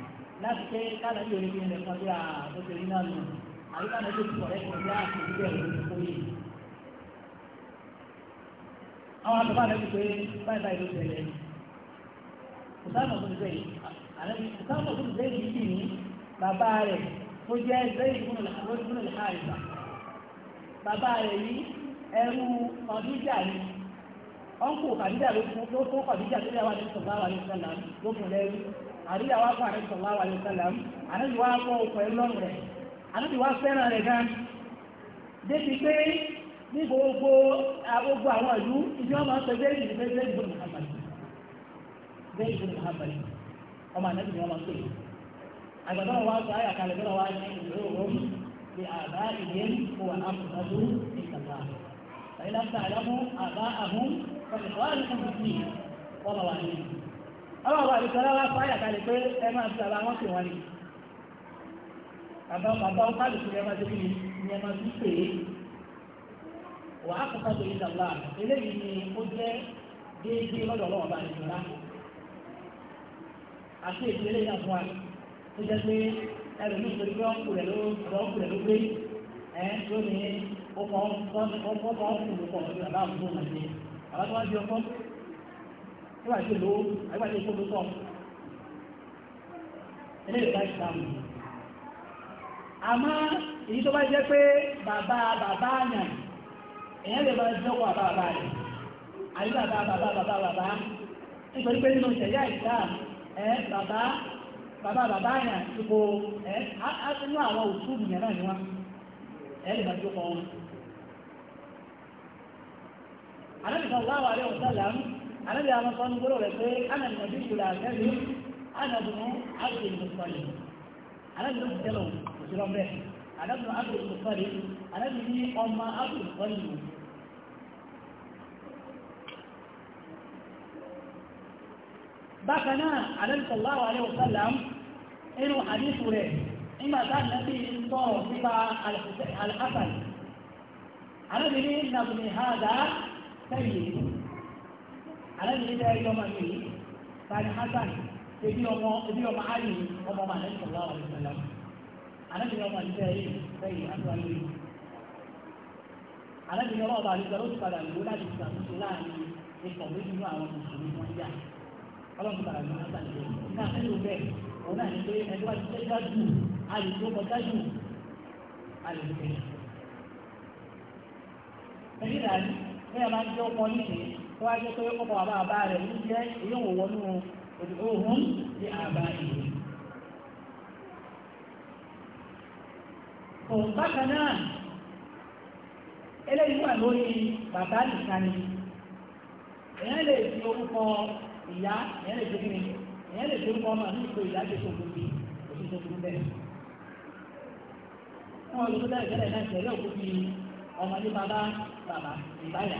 láti pé káàdà yóò rí ilẹ̀ kan bí àtúnṣe rí náà lò àbí yóò ti kọ̀rẹ́ bí àtúnṣe bẹ́ẹ̀ ló ti yìí. àwọn àtọ́fà rẹ̀ ti pé báyìí báyìí ló tẹ̀lé kùsàmù ọ̀tún ṣe yìí kì ní bàbá rẹ̀ tó jẹ́ zẹ́yìn fúnnà lè hàìsà bàbá rẹ̀ yìí ẹrú ọdúnjà ni ọ̀nkù kàdíjà ló fún kàdíjà tó yà wà ní sọ̀tà wà ní sọ̀tà ló lẹ́rú àríyá wá fún àrẹ́sọ̀ wá wà lẹ́sàlám àrẹ́sì wá kọ́ ọkọ̀ ẹlọ́rùn rẹ̀ àrẹ́sì wá fẹ́ràn rẹ̀ gan débi pé ní gbogbo agbogbo àwọn ìlú ìdí wọn máa ń sọ bẹ́ẹ̀ ìdí bẹ́ẹ̀ bẹ́ẹ̀ ìbọn Muhammad bẹ́ẹ̀ ìbọn Muhammad ọmọ ànábì ni wọn máa ń pè àgbàdo wa sọ ayà kalẹ̀ bẹ́ẹ̀ wá ní ìlú òun bí àbá ìyẹn kó wà áfùrọ̀dù ní kàtà ṣàyẹ̀dá sàlámù ọlọ́ọ̀bá àdìsọ́lá wá fáyà kalẹ̀ pé ẹ máa ti àlà wọn pè wọn ni àbáwọn àbáwọn pàdé sí ẹ máa ti bíi ni ẹ máa ti pè é wà á kọ́kọ́ tó yíta wá eléyìí ni ó jẹ́ déédéé lọ́dọ̀ ọlọ́ọ̀bá àdìsọ́lá àti èdè eléyìí náà fún wa tó jẹ́ pé ẹlòmíì torí pé ọ̀nkù rẹ̀ ló ọ̀nkù rẹ̀ ló gbé ẹ̀ tó ní ọkọ̀ ọ̀nkù ló pọ̀ ọ̀dọ̀ àbáwọn tó nígbà tí ló àgbà tí kó tó tọ̀ ilé ìgbà ìsàmù àmọ́ èyí tó bá jẹ́ pé bàbá bàbá àyàn èyàn lè bá jọ́kọ̀ bàbá bàbá rẹ̀ àyí bàbá bàbá bàbá bàbá nítorí pé nínú ìṣẹ̀yà ìsàmù ẹ bàbá bàbá bàbá àyàn ipò ẹ á nínú àwọn òṣùlù yẹn náà ni wọn ẹ lè bá jọ́kọ̀ wọn. Àdébìsọ̀ láwàárí ọ̀sán làánú àlẹ́bí àwọn sọ ní gbọ́dọ̀ rẹ̀ pé ana nàbí ìlà àtẹ́bí ana dùnú àti ìmùsọ̀lì àlẹ́bí ló ti tẹ́lọ̀ òṣìlọ́ bẹ́ẹ̀ àlẹ́bí ló àti ìmùsọ̀lì àlẹ́bí ní ọmọ àti ìmùsọ̀lì bákan náà àlẹ́bí sallallahu alaihi wasallam inú àdífù rẹ̀ nígbà táà nàbí sọ̀rọ̀ nípa àlẹ́bí ní nàbí ní àlejò ní tẹ́lẹ̀ ọmọ mi yìí sani hasan ebi ọmọ ebi ọmọ ali ọmọ ọmọ àlejò sọlá wà lẹ́sẹ̀ lọ àlejò ní ọmọ mi tẹ́lẹ̀ sẹ́yìn àtúwà lórí àlejò ní ọmọ ọba àlejò ló ti padà lò láti ṣàtúnṣe láàrin ikọ̀ méjì ní àwọn mùsùlùmí wọn yá ọlọ́run padà lò hasan lè ní àtẹ́lẹ̀ bẹ́ẹ̀ òun náà ní wá ti tẹ́ tó wá jẹ́ pé ọkọ̀ bàbá bàbá rẹ̀ ń jẹ́ ìyóò wọnú òhun ní àbá ìlú. òun bákan náà eléyìí wà lórí bàbá nìkan ni èèyàn lè fi orúkọ ìyá èèyàn lè fi kí ni èèyàn lè fi orúkọ ọmọ àti ìkó ìyá tó tóbi bí òfin tó burú bẹ́ẹ̀. wọ́n lè tó bẹ́ẹ̀ bẹ́ẹ̀ náà tẹ̀lé òkú bíi ọmọdé bàbá bàbá ìbáyà.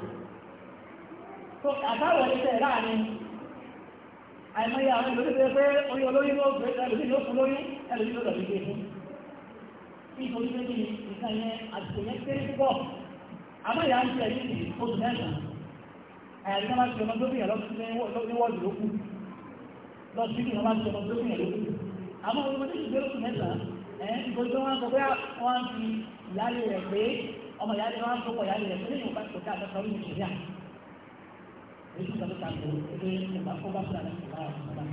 tó àbáwọ̀ ní tẹ̀ láàrin àìmọye àwọn ìlú tẹ́ pé orí olóyún ló gbé ẹlòmí ló fún lórí ẹlòmí ló dọ̀bí gbé fún kí ìfòrí pé kí nǹkan yẹn àtìkò yẹn kéré púpọ̀ àmọ́ ìyá ń tẹ̀ yìí ní oṣù mẹ́sàn-án àyàrí náà máa ti ọmọ gómìnà lọ́sí wọ́ọ̀dù lókù lọ́sí ìgbìmọ̀ máa ti ọmọ gómìnà lókù àmọ́ ọmọ tó ti gbé oṣù mẹ́sàn-án ẹ̀ ìgbòjò wọn sọ pé wọ́n fi ìyáálé rẹ̀ pé ọmọ ìyáálé wọn sọ èyí tó satu, kò pé ọba kó bá fúlàní kò bá wà lọ́wọ́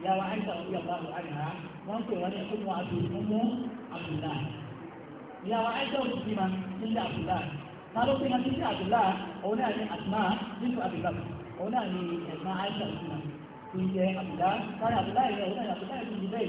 ìyá wa àyíká òbí ọba àwọn àyà wọn pè wọn ní ọmọ àbùkù mú àbùlà ìyá wa àyíká òbí bí ma nílé àbùlà náà ló Abdullah, ma nílé àbùlà òun náà ní àtúmá nílùú àbùlà òun náà ní ẹ̀gbọ́n àyíká òbí ma kò ń jẹ àbùlà kárí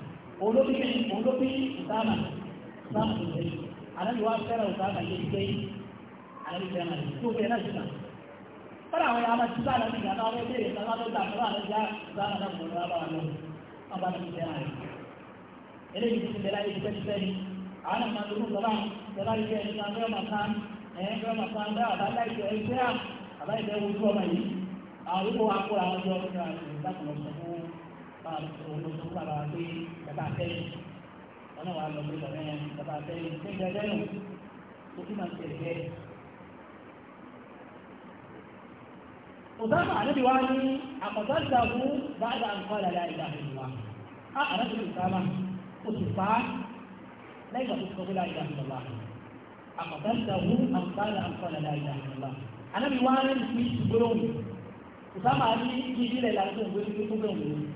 olóbìnrin olóbìnrin ìsáàmà ìsáàmà tó lẹ́yìn alábi wá fẹ́ràn ìsáàmà yìí lẹ́yìn alábi fẹ́ràn yìí tó fẹ́ràn yìí náà fẹ́ràn àwọn yàrá ti sáàmà ní ìgbà táwọn ẹgbẹ́ ìsáàmà tó dà fẹ́ràn àlejò ìsáàmà náà mọ̀ lọ́wọ́ àwọn ọmọ ọba tó fẹ́ràn yìí àwọn àmà tó kan ẹ̀yìn ọmọ kan bẹ́ẹ̀ àbá láìpẹ́ ẹgbẹ́ àbá ìfẹ́ wojú ọmọ yìí àwọn olùkọ́ wa kó àwọn ọjọ́ ìfẹ́ àti ìdákùnrin ọ̀sán fún máa ronú tó bàbá wa pé bàbá àtẹ́yìn wọn náà wà lọ pé bàbá yẹn bàbá àtẹ́yìn ṣé ìgbà ẹgbẹ́ nù tó kí máa ń tẹ̀lé ẹ̀. Òsáàmà àdébí wa ní àkọ́sọ́sà fún bàbá àǹkọ́ àlàyé àìgbà ìlúwa. Á àdájọ́ ìsáàmà ó ti pa á lẹ́yìn ìgbà tó ti sọ pé láìgbà ìlúwa. Àkọ́sọ́sà fún àǹkọ́ àlàyé àìgbà ìlúwa. Àdébí wa ní ìsìn ìgbéròhùn.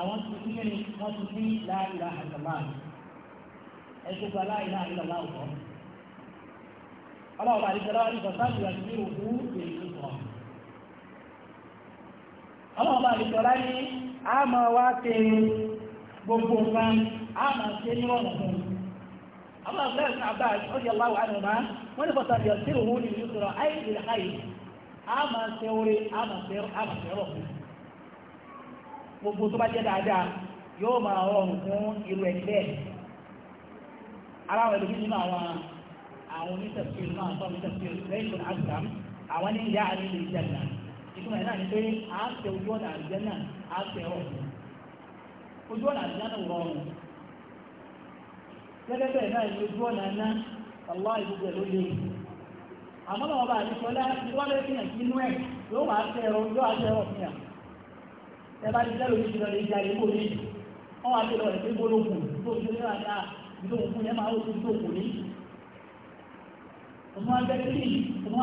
àwọn ti fi wọ́n ti fi na ilaha ẹ̀sùn gba la ilaha illallah ọ̀tọ̀ ọlọ́ọ̀bà àdìsẹ́lá wà ní ìtọ́sáàbù àti ní òkú èyí gbogbo nǹkan a máa ṣe ní ọ̀nà fún àwọn àgbẹ̀ ẹ̀sìn àbá ọ̀dì aláwọ̀ ní gbogbo tó bá jẹ́ dáadáa yóò máa rọrùn fún irú ẹni bẹ́ẹ̀ ara àwọn ẹlòmíì nínú àwọn àwọn onítẹ̀síìrì náà sọ onítẹ̀síìrì lẹ́yìn tó ní àṣà àwọn ní ìyá àní lè jẹ́ náà ìtumọ̀ náà ni pé à ń tẹ ojú ọ̀nà àjẹ́ náà à ń tẹ ọ̀rọ̀ ojú ọ̀nà àjẹ́ náà rọrùn gẹ́gẹ́ bẹ́ẹ̀ náà ni ojú ọ̀nà náà ọ̀lá ìgbogbo ẹ̀ ló léwu àmọ́ bàbá àti sọlá ìwádìí ìyàn inú ẹ̀ yóò máa tẹ ẹ̀rọ yóò máa tẹ ẹ̀rọ ẹ̀bá ti lẹ́rù ní ìṣẹ̀lẹ̀ ìjà ìlú òní wọ́n wá tó lọ rẹ̀ pé gbólógùn tó ti rí àdá ìdókòkò yẹn máa ó ti dókò ní. òun wá bẹ́ẹ̀ sí òun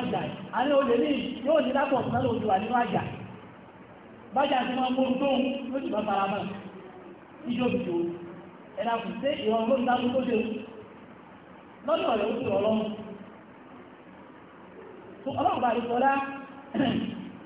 àjà àní olè ní yóò ní lápò ọ̀sán ló ti wà nínú àjà bájà ti ló ti fara mọ́ ìjọ sí ìrọ̀rùn ló ń dá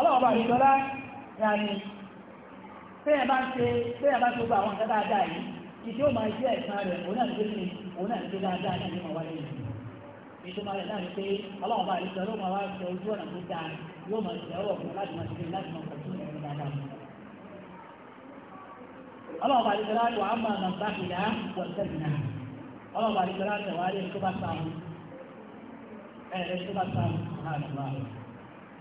ọlọ́ọ̀bà ìjọlá yàní tẹ́yẹ̀ bá ń ṣe tẹ́yẹ̀ bá ń gbogbo àwọn nǹkan dáadáa yìí ìdí ó máa jẹ́ ẹ̀sán rẹ̀ òun náà ló ní òun náà ló dáadáa náà ní ma wáyé yìí ìtumọ̀ rẹ̀ náà ni pé ọlọ́ọ̀bà ìjọlá ó máa wá ṣe ojú ọ̀nà tó dáa yóò máa ṣe ọ̀rọ̀ fún láti máa ṣe láti máa pọ̀ tún ẹ̀rọ dáadáa ọlọ́ọ̀bà ìjọlá wà á máa nà bá ìdá wọ̀ntẹ́bìnà ọlọ́ọ̀bà ìjọlá tẹ̀wá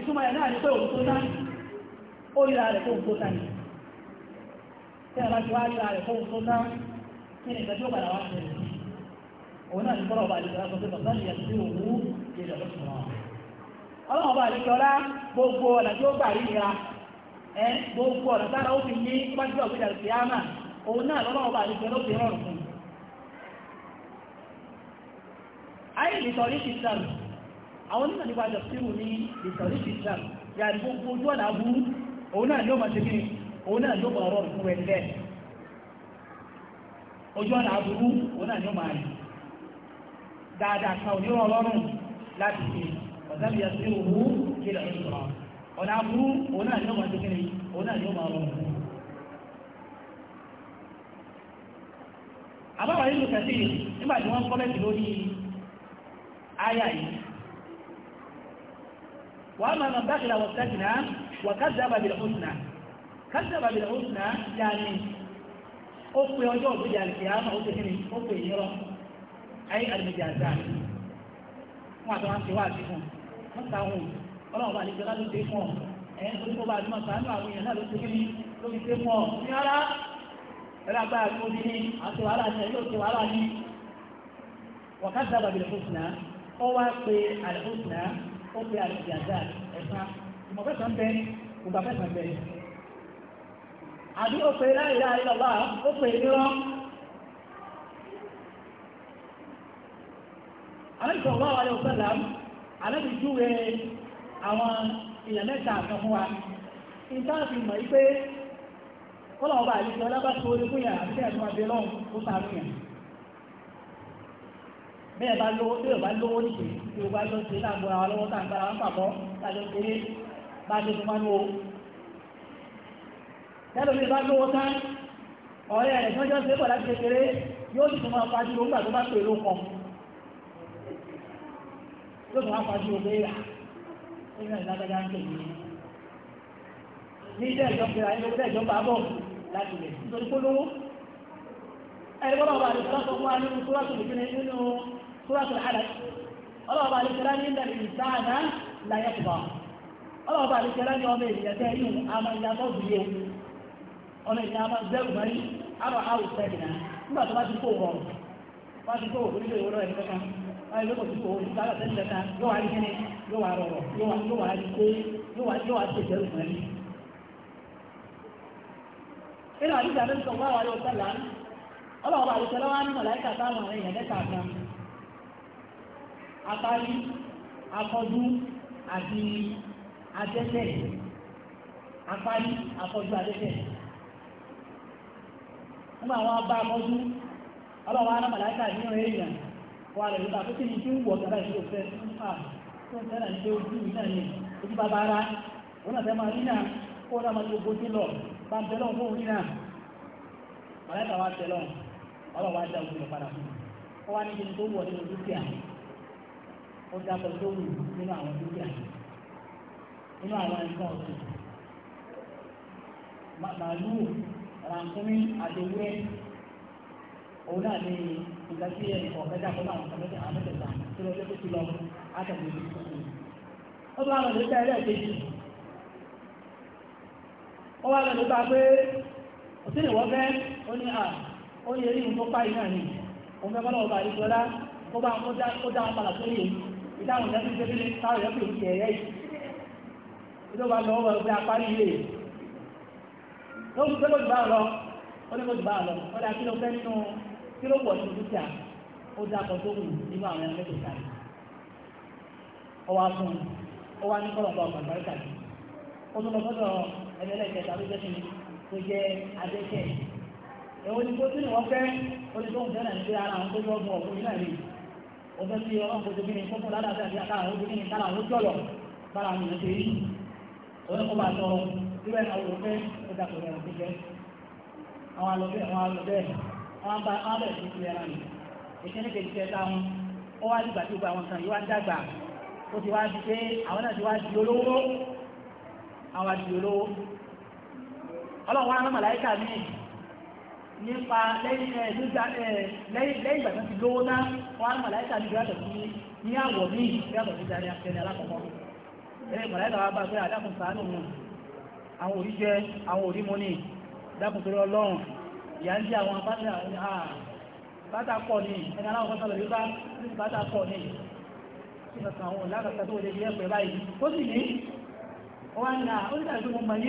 ìtumọ̀ ẹ̀ náà ni pé òun tó dání ó ríra rẹ̀ fóun tó dání tí a bá ti wá ríra rẹ̀ fóun tó dání kí ni ìgbẹ́jọ́ padà wá ṣẹlẹ̀ òun náà ni kọ́lọ̀ ọba àlejò ọlá sọ pé bàbá ìyà sí òwú ìrẹ̀ lọ́sùn ọlọ́run ọba àlejò ọlá gbogbo ọ̀nà tí ó gbà rí nira ẹ gbogbo ọ̀nà tára ó fi ní wájú ọ̀gbẹ́dà sí ámà òun náà lọ́lọ́run ọba àlejò ọlá ó fi rọrùn fún ayé ìtọ́rí ti sàrù àwọn nínà nípa jọ sírù ní ìsọ̀rí islam yà ní gbogbo ojú ọ̀nà aburú òun náà yóò máa ṣe kíni òun náà yóò máa rọrùn fún ẹni bẹ́ẹ̀ ojú ọ̀nà aburú òun náà yóò máa rí dáadáa kan ò ní rọ ọlọ́run láti ṣe ọ̀sábì yà sírù wú kí lọ sí ọ̀rọ̀ ọ̀nà aburú òun náà yóò máa ṣe kíni òun náà yóò máa rọrùn fún àbáwá nínú kẹsì nígbà tí wọ́n kọ́mẹ́ntì lórí áyà yìí وأما من بخل واستثنى وكذب بالحسنى كذب بالحسنى يعني أقوى وجوه بجاء القيامة أقوى يرى أي المجازات wọ́n àtàwọn àti wá àti fún wọ́n ta ohun ọlọ́run bá lè jẹ́ láti dé fún ọ ẹ̀yìn tó ní kó bá àti máa sàánú àwọn èèyàn náà ló ti kíní ló fi dé fún ọ ní ara ẹ̀rọ agbára tó ní àti wàhálà ní ẹ̀yọ́ ti wàhálà ní wọ̀ká sábà bìlẹ̀ fún ìsìnà ó wá pe àlẹ́ fún ìsìnà ó pe àlejò àjà ẹ̀sán ìmọ̀fẹ́sàn bẹ ìgbàfẹ́sàn bẹ àbí ó pe láì láì lọ́wọ́ ó pe nírọ́ àlejò ọ̀wọ́ àwọn ọ̀sán làwọn àlejò júwe àwọn èèyàn mẹ́ta àkan fún wa ìtààfin mọ̀ wípé kọ́lọ̀ ọba àlejò ọlọ́bàá tó orí fún yàrá àti ẹ̀sùn àbẹ́lọ́hùn ó sàánú yàrá bẹ́ẹ̀ bá lówó tí yóò bá lówó nìṣe tí yóò bá lọ ṣe láàgbọ́n àwọn lọ́wọ́ tá à gbára wọn pàpọ̀ lájọ kéré bá ṣe fún mánú o. tẹ́lẹ̀ mi bá lówó tán ọ̀rẹ́ rẹ̀ tí wọ́n pọ̀ láti kékeré yóò sì tún máa fa dúró nígbà tó bá pè lóko yóò tún máa fa dúró pé à ẹgbẹ́ ìdájọ́ ń tẹ̀lé ní ilé ẹ̀jọ́ pé ayé lóko ẹ̀jọ́ bá bọ̀ láti lè nítorí polówó ẹ̀rọ bá سورة الحلق الله بعد الكلام إن الإنسان لا يكبر الله بعد الكلام يوم يتعين أما يمضي ọmọ ìyá máa zẹ́rù mọ́rí àrọ̀ àrùn sẹ́gìnà nígbà tó bá ti kó rọrùn bá ti kó òkú nílé ìwòrán ẹ̀mí kankan bá ilé kò sí kò òkú sára sẹ́gìnà kan yóò wá rí kíni yóò wá rọrọ̀ yóò wá rí pé yóò wá ṣe zẹ́rù mọ́rí. nínú àdúgbò àdúgbò wà wà yóò sẹ́lá ọlọ́wọ́ apárí afọ́jú àti adẹ́tẹ̀ apárí afọ́jú adẹ́tẹ̀ nígbà àwọn abá afọ́jú ọlọ́wọ́ alámàláìkà ní ọ̀rẹ́ èèyàn wà rẹ̀ nípa pípé ní kí ń wọ̀ kára ìṣòro fẹ́ tó ń tẹ́lá ní pé ojú mi náà ni ojú bàbá ara òun náà fẹ́ máa rí náà kó náà máa gbogbo sí lọ bá ń tẹ́lọ̀ fún orí náà màláìkà wá tẹ́lọ̀ ọlọ́wọ́ ajá ojú rẹ̀ padà fún ọ wá ní kí n tó wọ̀ nínú dúkìá ó dákọ̀ tó wù nínú àwọn dúkìá nínú àwọn nǹkan ọ̀sìn màálù ràǹkúmí àti òun náà ní nǹkan tí ẹnì kọ̀ọ̀kan dákọ̀ náà àwọn kọ̀ọ̀kan àwọn mẹ́tẹ̀ẹ̀ta tó lọ lọ́kọ̀ tó lọ ó ó wá pé òsínì wọ́n fẹ́ ó ní à ó náà òun fẹ́ kọ́ táwọn ìyá tó bí táwọn ìyá tó ń tẹ̀ ẹ̀yẹ́ yìí ló bá lọ ọmọ ẹgbẹ́ apárí ilé ló ń gbé lójú bá ó ní lójú bá ó dá kí ló fẹ́ nínú kí ló pọ̀ nínú dúkìá ó dá akọ tó wù nínú àwọn ẹgbẹ́ tó sáré ó wá fún un ó wá ní kọ́lọ̀kọ́ ọ̀pọ̀ àgbáríkà yìí ó tún lọ sọ́dọ̀ ẹni ẹlẹ́kẹta jẹ́ kíni tó jẹ́ adẹ́kẹ́ ẹ̀wọ́n ọjọ́ tí ọlọ́run kò tóbi ní fọ́fọ́ ládàá àti àkàrà ó tóbi ní kára ó jọ̀lọ̀ bára mi lè ṣe rí òun kò bá tọ síbẹ̀ náà wò pé ó dà pẹ̀lú ẹ̀rọ pípẹ́ àwọn alọ́bẹ̀ àwọn alọ́bẹ̀ àwọn bá àwọn bẹ̀rẹ̀ sí ilé ẹran ìkíní kejì tẹ ti wá di pé àwọn náà ti wá di olówó àwọn àti olówó ọlọ́run wá rán màláìkà nípa lẹ́yìn ìgbà tó ti lówó náà wọ́n á màláìka ní ìgbàtọ̀ sí ní àwọ̀ ní ìgbàtọ̀ sí darí akẹ́lẹ̀ alákọ̀ọ́kọ́ ẹ̀rẹ́ màláìka wá bá pé àdákùn ṣàánú mu àwọn òrí jẹ́ àwọn òrí mú ní dákùn torí ọlọ́run ìyá ń jẹ́ àwọn bátà kọ̀ ní ẹni aláwọ̀ kọ́sọ̀lọ̀ yóò bá ní bátà kọ̀ ní ìfẹ̀sàn àwọn òlàkàtà tó wọlé bí ẹ̀pẹ̀ báyìí tó sì ní ó wá ní à ó ní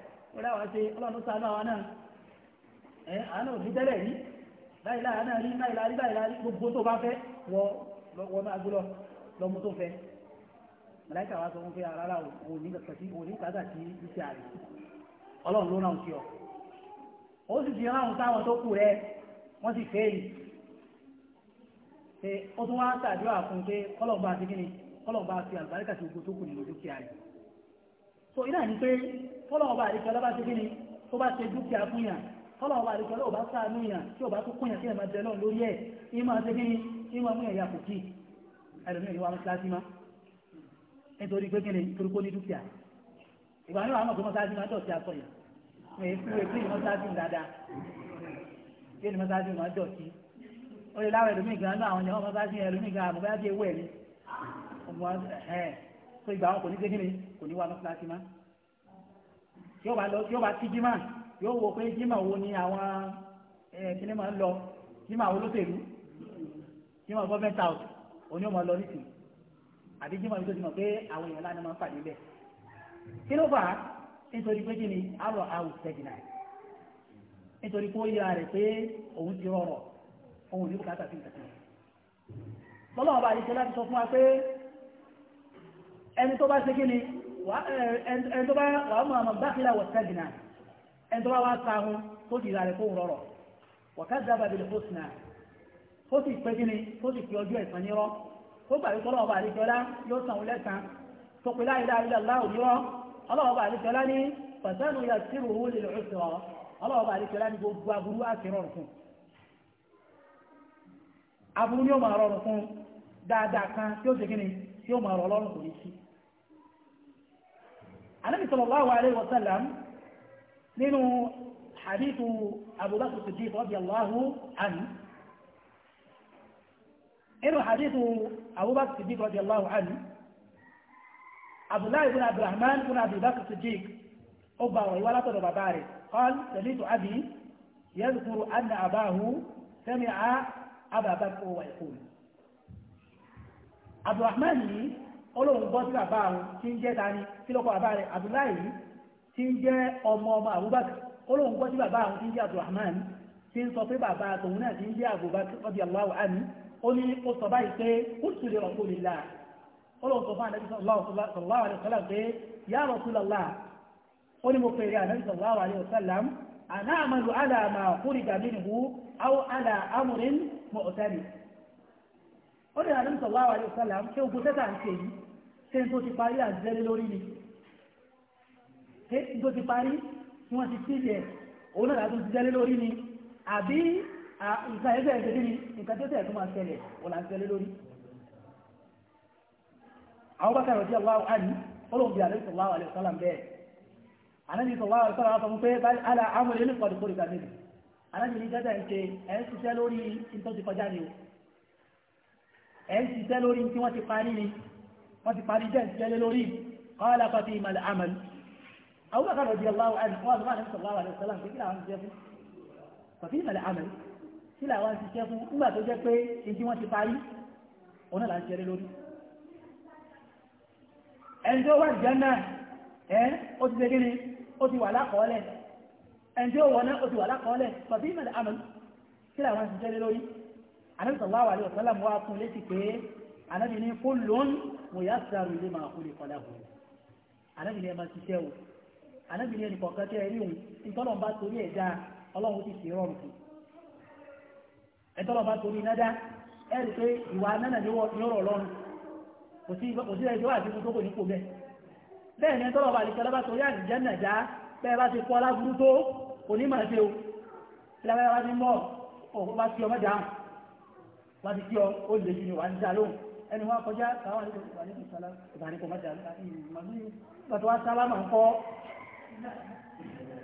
wọ́n láwọn ṣe ọlọ́run sànú àwọn náà ẹ̀ àánú òbí tẹ́lẹ̀ rí báyìí láàá náà rí báyìí láàá rí báyìí láàá rí gbogbo tó bá fẹ́ wọ wọ́n máa gbúlọ̀ lọ́mú tó fẹ́ màláìka wa sọ fún pé rárá òun ní kàkà sí òun ní kàkà sí iṣẹ́ àrè ọlọ́run ló náà ń ṣe ọ ó sì fi ráhùn táwọn tó kù rẹ wọ́n sì fẹ́ yìí pé ó tún wá tàdúrà fún pé kọ́lọ̀ bá ti kí ni kọ́lọ̀ bá fi àlùbáríkà sí gbogbo tó kù nínú dúkìá rẹ̀ so iná ní pé tọ́lọ́wọ́ bá àríkẹ́ ọlọ́bá ti gíní tó bá ṣe dúkìá fún yàn tọ́lọ́wọ́ bá àríkẹ́ ọlọ́wọ́ bá sáànú yàn tí ó bá tó kúnyàn sí ẹ̀mà jẹlọ lórí ẹ̀ ìmọ̀ ṣe gíní ìmọ̀ mú ẹ̀yà kò kí ẹlòmíràn ìwà mọ́sálásí má nítorí pé gíní torí tó ìgbà wọn kò ní ṣe kíni kò ní wà ní kíláàsì má tí ó bá lọ tí ó bá ti jimá yóò wò pé jimá wo ni àwọn kíni máa ń lọ jimá wo lóṣèlú jimá government house òní ò máa lọ nísìnyí àbí jimá yìí tó ti mọ̀ pé àwọn èèyàn lánàá máa ń pàdé bẹ́ẹ̀ kí ló fà á nítorí pé kíni àrò àwùjọ nítorí pé ó yára rẹ̀ pé òun ti rọrọ̀ òun ò ní bùkátà sí ìtẹ̀síwọ̀n. lọ́lọ́wọ́ bá láti sọ fún wa pé ẹni tó bá ṣe kí ni ẹni tó bá wà á mọ̀ àmọ̀ bákìlá wọ̀ sẹ́gìnà ẹni tó bá wà sáhun tó sì rà rẹ̀ kó rọrọ̀ wọ̀kádàbà bìlẹ̀ fósìnà ó sì pé kí ni ó sì fi ọjọ́ ẹ̀sán nírọ́ tó gbà wípé ọlọ́ọ̀bà àdìjọlá yóò san òun lẹ́sàn tó pe láyé láyé láwù nírọ́ ọlọ́ọ̀bà àdìjọlá ní pàtánù yà sí rúhú lè lọ́sọ̀ ọlọ́ọ̀bà àdìjọlá ní gbogbo ní sí النبي صلى الله عليه وسلم من حديث أبو بكر الصديق رضي الله عنه إنه حديث أبو بكر الصديق رضي الله عنه عبد الله بن عبد الرحمن بن أبي بكر الصديق أبا ولا تضرب بارك قال سمعت أبي يذكر أن أباه سمع أبا بكر ويقول عبد الرحمن لي ọlọ́run bọ́ sí bàbá àwọn tí ń jẹ́ dání kí lọ́kọ̀ bàbá rẹ̀ abdullahi tí ń jẹ́ ọmọ ọmọ abubakar ọlọ́run bọ́ sí bàbá àwọn tí ń jẹ́ abdulrahman tí ń sọ pé bàbá tòun náà tí ń jẹ́ abubakar radiyallahu anhu ó ní ó sọ báyìí pé ó sì lè rọ̀kọ́ lè la ọlọ́run sọ fún anabi sallallahu alayhi wa sallam pé ya rasulallah ó ní mo fèrè anabi sallallahu alayhi wa sallam ana amalu ala ma khurija minhu aw ala amrin ó ní anabi sallallahu alayhi wa ṣé o gbọ́dọ̀ tà ń ṣe yìí ṣé n tó ti parí àjẹ́lé lórí ni ṣé n tó ti parí tí wọ́n ti sílẹ̀ òun náà tó ti jẹ́lé lórí ni àbí nǹkan ẹgbẹ́ ẹgbẹ́ ni nǹkan tó tẹ̀ tó máa ṣẹlẹ̀ òun àti ṣẹlẹ̀ lórí. àwọn bá kàrọ̀ sí aláwọ̀ ẹ̀ ń ṣiṣẹ́ lórí tí wọ́n ti parí ni wọ́n ti parí jẹ́ ìjẹ́lé lórí kọ́lá pàtí ìmàlẹ̀ àmàlì Abubakar radiyallahu anhu wọ́n bá ní sallallahu alaihi wasallam pé kí làwọn ti jẹ́ fún pàtí ìmàlẹ̀ àmàlì kí làwọn ti jẹ́ fún nígbà tó jẹ́ pé ìdí wọ́n ti parí òun là anabi ni kullun muyassaru lima khuliqa lahu anabi ni ẹ máa ṣiṣẹ́ o anabi ni ẹnìkọ̀ọ̀kan tí ẹ rí òun ìtọ́lọ̀ bá torí ẹ̀ dáa ọlọ́run ti ṣe rọrùn fún ẹ̀tọ́lọ̀ bá torí iná dá ẹ rí pé ìwà nánà ni ó rọ̀ ọlọ́run kò sí ẹ̀ tí wà á ti fún tó kò ní kò bẹ́ẹ̀ bẹ́ẹ̀ ni ẹ̀tọ́lọ̀ bá lè ṣe torí àlùjánnà dá bẹ́ẹ̀ bá ti kọ́ aláburú tó òní máa ṣe o ẹni wá kọjá sáwọn àlejò ìgbàlejò sálá ìgbàlejò mọ́jà ìmọ̀lú pàtó wá sálá máa ń kọ́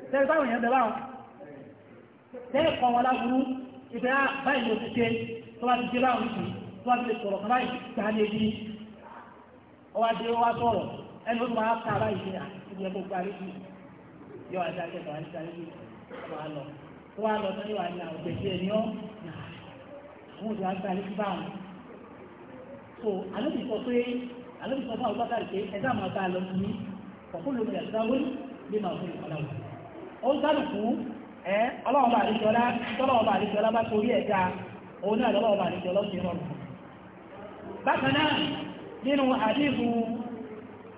tẹ́lẹ̀ báwọn èèyàn bẹ̀rẹ̀ àwọn tẹ́lẹ̀ kọ́ wọn láburú ìfẹ́ báyìí ló ti ṣe tó wá ti ṣe báwọn nìkú tó wá ti lè sọ̀rọ̀ kan báyìí gbà ní ebi ọwá dé wá sọ̀rọ̀ ẹni ó máa ká báyìí ṣe àti ẹ̀kọ́ parí jù yọ àti akẹ́kọ̀ọ́ àti àyè wà lọ tó wá lọ sọ́yìn wà ní àwọn òṣèṣẹ́ ẹni ọ́ àwọn òṣèṣẹ́ àgbà ní so àlóbi sọ pé àlóbi sọ fún àwùjọ pé ẹ̀dá máa bá a lọ sí ọ̀pọ̀ lómi ẹ̀dáwó lè máa fún ìpàdà wọn. ó gbádùn fún ẹ ọlọ́wọ́ bá àdéjọlá tọ́lọ́wọ́ bá àdéjọlá bá torí ẹ̀dá òun náà lọ́wọ́ bá àdéjọlá ti rọrùn. bákan náà nínú àdéhùn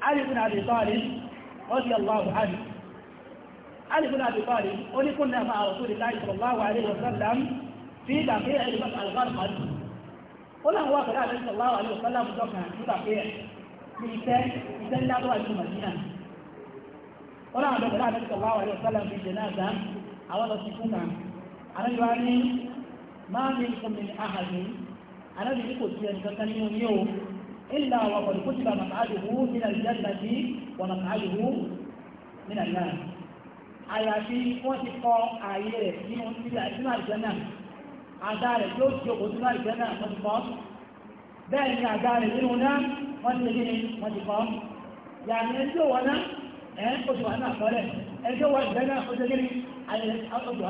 alìkún àdéjọ́lé wọ́n ti ọlọ́wọ́ àdé alìkún àdéjọ́lé ó ní kún náà máa rọ̀ ó láwọn wà pẹ̀lú àdéhùn sọ̀lá àwọn àlejò sọ́lá àbújọ kan nígbà pé ẹ̀ ní iṣẹ́ iṣẹ́ ńlá tó wà nínú màdínà ó láwọn pẹ̀lú àdéhùn sọ̀lá àwọn àlejò sọ́lá àbújọ jẹ̀ náà dán àwọn lọ sí fún kan àlejò wa ní máa ní ìfúnmi àhàdì àlejò ní kò sí ẹnì kankan nínú ní o ìlà wà pẹ̀lú kó tìbà màkàdùhù nínú àlùjáde wà màkàdùhù nínú àlùjáde àyàfi wọ́n ti kọ ààyè rẹ̀ nínú àlùjáde àdá rẹ̀ yóò tí òkú sínú àìjẹ́ náà wọ́n ti kọ́ bẹ́ẹ̀ ni àdá rẹ̀ nínú náà wọ́n ti lè wọ́n ti kọ́ yàmì ẹni tí ó wọ́n náà ẹ̀ ó ti wà náà kọ́lẹ̀ ẹni tí ó wọ́n ìjẹ́ náà ó ti gírí ayẹyẹ ó ti wà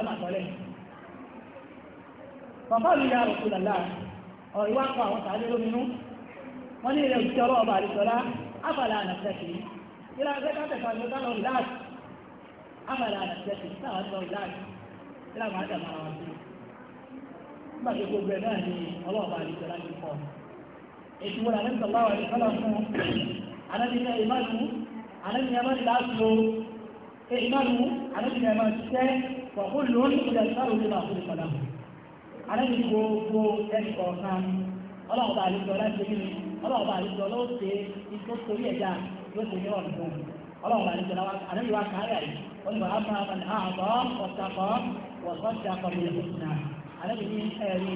ní ilẹ̀ òjì ọlọ́ ọba àdìsọ́lá abàlà ànàtẹ́kì ilẹ̀ akẹ́kọ̀ọ́ ni ó tán lọ nígbà tó gbogbo ẹ̀ náà ni ọlọ́ọ̀bá àdìsọ láti kọ́ ètò wọn àlẹ́ sọ̀lá wà lẹ́sọ̀lá fún anábìyẹ ìmánu anábìyẹ máa ń láàbò ìmánu anábìyẹ máa ń tẹ́ wàhùn lórí ìjà ìsáró ní màá fún ìpadà anábìyẹ gbogbo ẹnì kọ̀ọ̀kan ọlọ́ọ̀bá àdìsọ láti kí ni ọlọ́ọ̀bá àdìsọ ló ṣe ìtó torí ẹ̀dá ló ṣe ní ọ̀dùn fún ọlọ́ọ̀bá àdìsọ anábìyẹ wa kàárẹ̀ yìí àlẹ́bí ní ẹ̀rí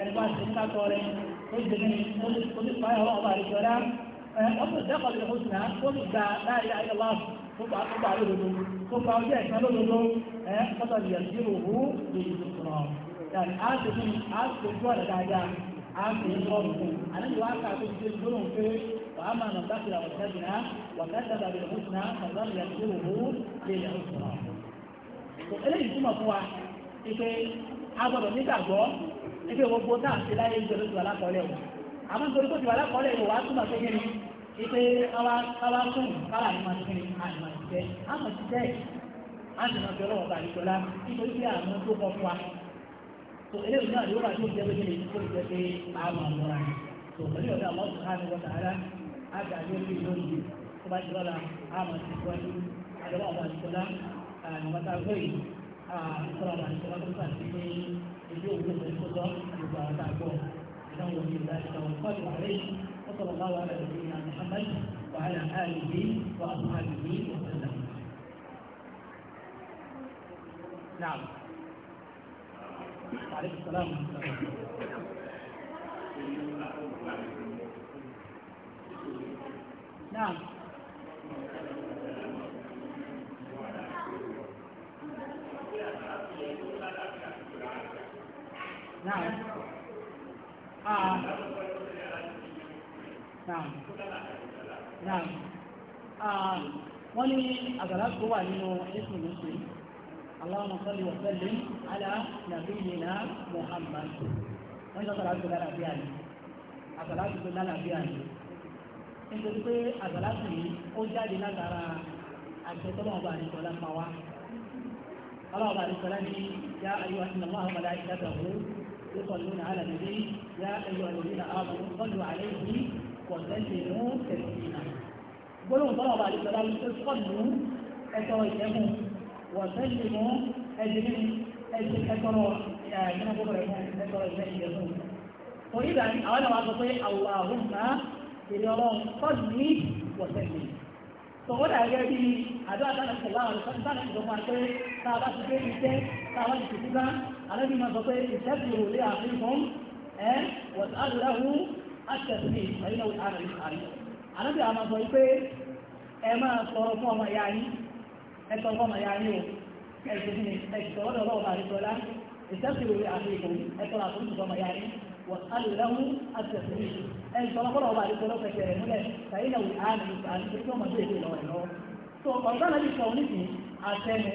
ẹ̀rẹ́gbá ti ń látọ̀ rẹ̀ ó ti ní ó ti pààyà ọwọ́ ọba àríṣọ́ rá ọdún ìdẹ́kọ̀ọ́ ti lọ́kùnrin náà ó ti gba láàrin ayélujára tó gba tó gba lódodo tó gba ọjọ́ ẹ̀sán lódodo ẹ̀ kọ́tọ̀ lè yẹ̀sí òwú lórí ìdòkùnrọ̀ yàrá á ti ní á ti ojú ọ̀nà dáadáa á ti ní ọ̀rùn fún àlejò wa kà tó ti dé gbólóhùn pé wàá máa nà bá tìlà wọ̀tẹ́ bìnà wọ̀tẹ́ tẹ̀lá bìnà ó tìlà kọ́tọ̀ lè yẹ̀sí òwú lórí ìdòkùnrọ̀ agbọ́dọ̀ nígbàgbọ́ ẹgbẹ́ gbogbo táà ṣe láyé ìjọ lóṣù alákọ̀ọ́lẹ̀ wọn àmọ́ nítorí tó ti wà alákọ̀ọ́lẹ̀ wọn wá túmọ̀ pé kíni ipe káwá tún káwá ní máa kíni àmọ̀ ìṣẹ́ àmọ̀ ìṣẹ́ àti ìrìnàjò ọlọ́wọ́ bá àdìjọ lá nítorí pé àwọn tó kọ fún wa tó eléyìí náà yóò bá tó jẹ́ lókè tó jẹ́ pé àwọn àmọ́ra tó pẹ̀lú ọ̀dọ̀ àwọn ọ̀sán àti wọ́n tààrà àgbà yóò fi lónìí tó bá ti lọ́la àmọ̀ ìṣẹ́ wájú àdọ́wọ́ àwọn àdìjọ ìfọ̀rọ̀lá ìjọba tó sàtì pé ilé òun tẹ̀sẹ̀ tó tọ́ gbogbo àwọn àgbọ̀ ìdáhùn òun ìlà ìdáhùn fọ́ọ̀lù àárẹ̀ ọ̀sọ̀rọ̀ báwa rẹ̀ lórí ìlànà Muhammad wàhálà àlùbí wà àbúhàlùbí wàhálà. Naam. Aleykum salaam. Naam. wọ́n ní àgbàlá tó wà nínú ẹ̀sùn lóṣù Allahumma salli wa sallim ala nabiyyina Muhammad wọ́n ní àgbàlá tó lára bí àná àgbàlá tó lára bí àná nítorí pé àgbàlá tó yìí ó jáde látara àgbẹ̀tọ́lọ́mọba يصلون على النبي يا أيها الذين آمنوا صلوا عليه وسلموا تسليما قولوا طلب عليه السلام صلوا أتوجهوا وسلموا أجمعوا أجمعوا من قبرهم أجمعوا إليهم وإذا أولا ما اللهم إلى الله صلي وسلم tọ̀wọ́ dà gẹ́gẹ́ bí àdó àtàlẹ́sọ̀lá àtàlẹ́sọ̀lá pé tá a bá ti gbé iṣẹ́ tá a bá ti tìtúbá alẹ́bí máa sọ pé ìṣẹ́kùrò lé àfihàn ẹ́ wọ̀tálùláwù àtẹ̀sí ìpàdé náà àrẹ̀ àrẹ̀ alẹ́bí àwọn sọ pé ẹ máa sọ̀rọ̀ fún ọmọ ìyá yín ẹ sọ fún ọmọ ìyá yín o ẹ̀sìn ní ẹ̀sìn tọ̀wọ́ dọ̀ lọ́wọ́ bá àdìsọ́lá ìṣẹ́kùrò lé àfihàn ẹ sọ̀rọ̀ àfihàn ọmọ ìyá yín wàhálìlẹ́hùn àtẹ̀síwì ẹni tọ́lá kọ́lá ọba àdìsọ́ lọ́pẹ́ tẹ̀rẹ̀ múlẹ̀ tàyí náà wùhá ní àdìsọ́ tí wọ́n máa gbé èdè lọ́wọ́ ẹ̀ lọ́wọ́ tó ọ̀gá náà ti sọ ní ti àtẹnu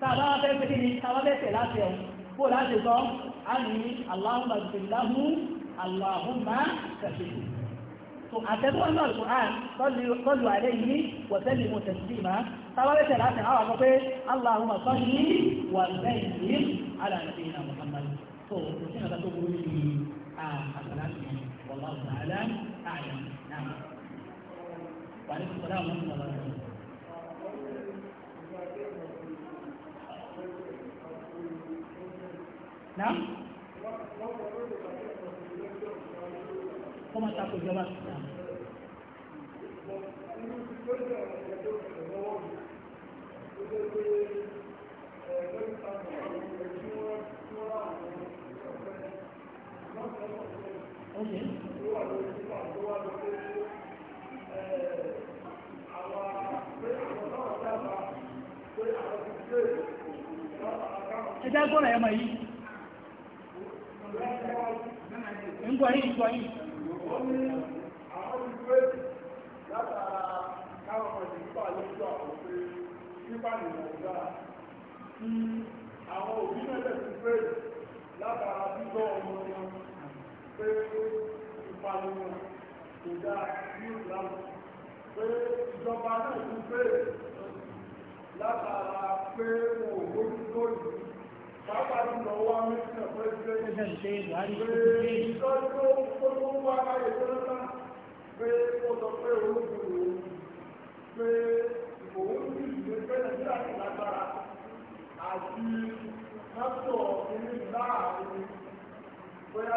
tàbá fẹ́ fẹ́ kí ni tàbá fẹ́ tẹ̀ láti ẹ̀ kó láti sọ á ní aláhùnmá tẹ̀láhù aláhùnmá tẹ̀síwì tó àtẹnu wọn náà kò án tọ́lù àlẹ́ yìí wọ̀tẹ́lì mo tẹ̀síwì má tàbá fẹ́ tẹ̀ láti àwọn àkọ́kọ́ pé aláhùnmá sọ́yìn wà lẹ́yìn yìí alàǹdí náà mọ̀ حسنات والله تعالى أعلم نعم وعليكم السلام ورحمة الله وبركاته نعم كما تقول جواب نعم ẹjá gbọ́nà ẹmọ yìí ǹgbọ̀n yìí ǹgbọ̀n yìí àwọn òbí mẹ́lẹ̀ pé látara bíbọ́ ọmọ wọn pé ìpànìyàn kò dáa ní ìlànà pé ìjọba náà ti bèrè látara pé mo ò lójú lóyún pápá jùlọ wá mẹ́sàn pé pé ìtọ́jú tó tó wá láyé tó lọ́nà pé ó sọ pé olóògùn òun pé òun sì lè pé nàìjíríà ti lágbára àti mọ́tò ìlú láàrin bóyá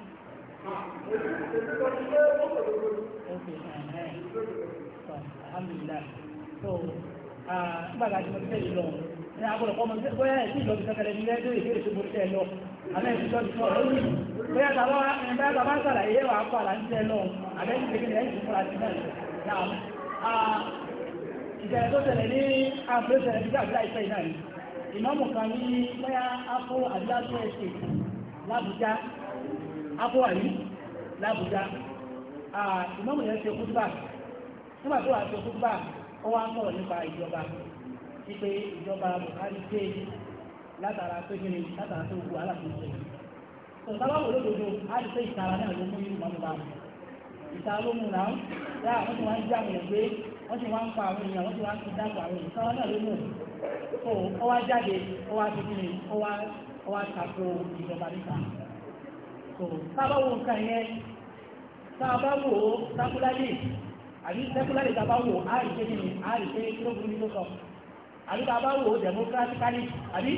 alhamdulilayi so nígbà tí a ti ọ tó ṣẹlẹ̀ ní bí kan ní afọ́wà yìí lábújá ìmọ̀mù yẹn ṣe kútúbà nígbà tó wà ṣe kútúbà ó wá nípa ìjọba wípé ìjọba Buhari dé látara pé kí ni látara tó wò lódodo ìtara náà ló mú bá ló mú náà yá wọ́n ti wá ń àwọn wọ́n ti wá ń pa àwọn èèyàn wọ́n ti wá ń dáàbò àwọn tábáwò nǹkan yẹn tábáwò sákúlálì àbí sẹ́kúlálì tábáwò àìṣe nínú àìṣe kílógún ní lóṣọ àbí tábáwò democratically àbí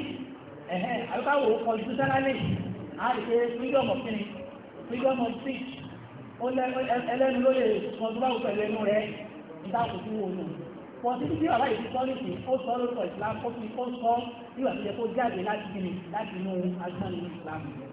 ẹ̀hẹ́n àbí tábáwò constitutionally àìṣe freedom of kini freedom of speech ó ẹlẹ́nu ló lè sọ tó báwò pẹ̀lú ẹnu rẹ̀ ìdáàkùnkú wo nù pọ̀sibí tí bàbá ìfi sọ́ọ́lìsì ó sọ lórúkọ ìsìlámù ó fi ó sọ nígbà tó yẹ kó jáde láti gbìn láti inú agbáni ìsìlámù rẹ̀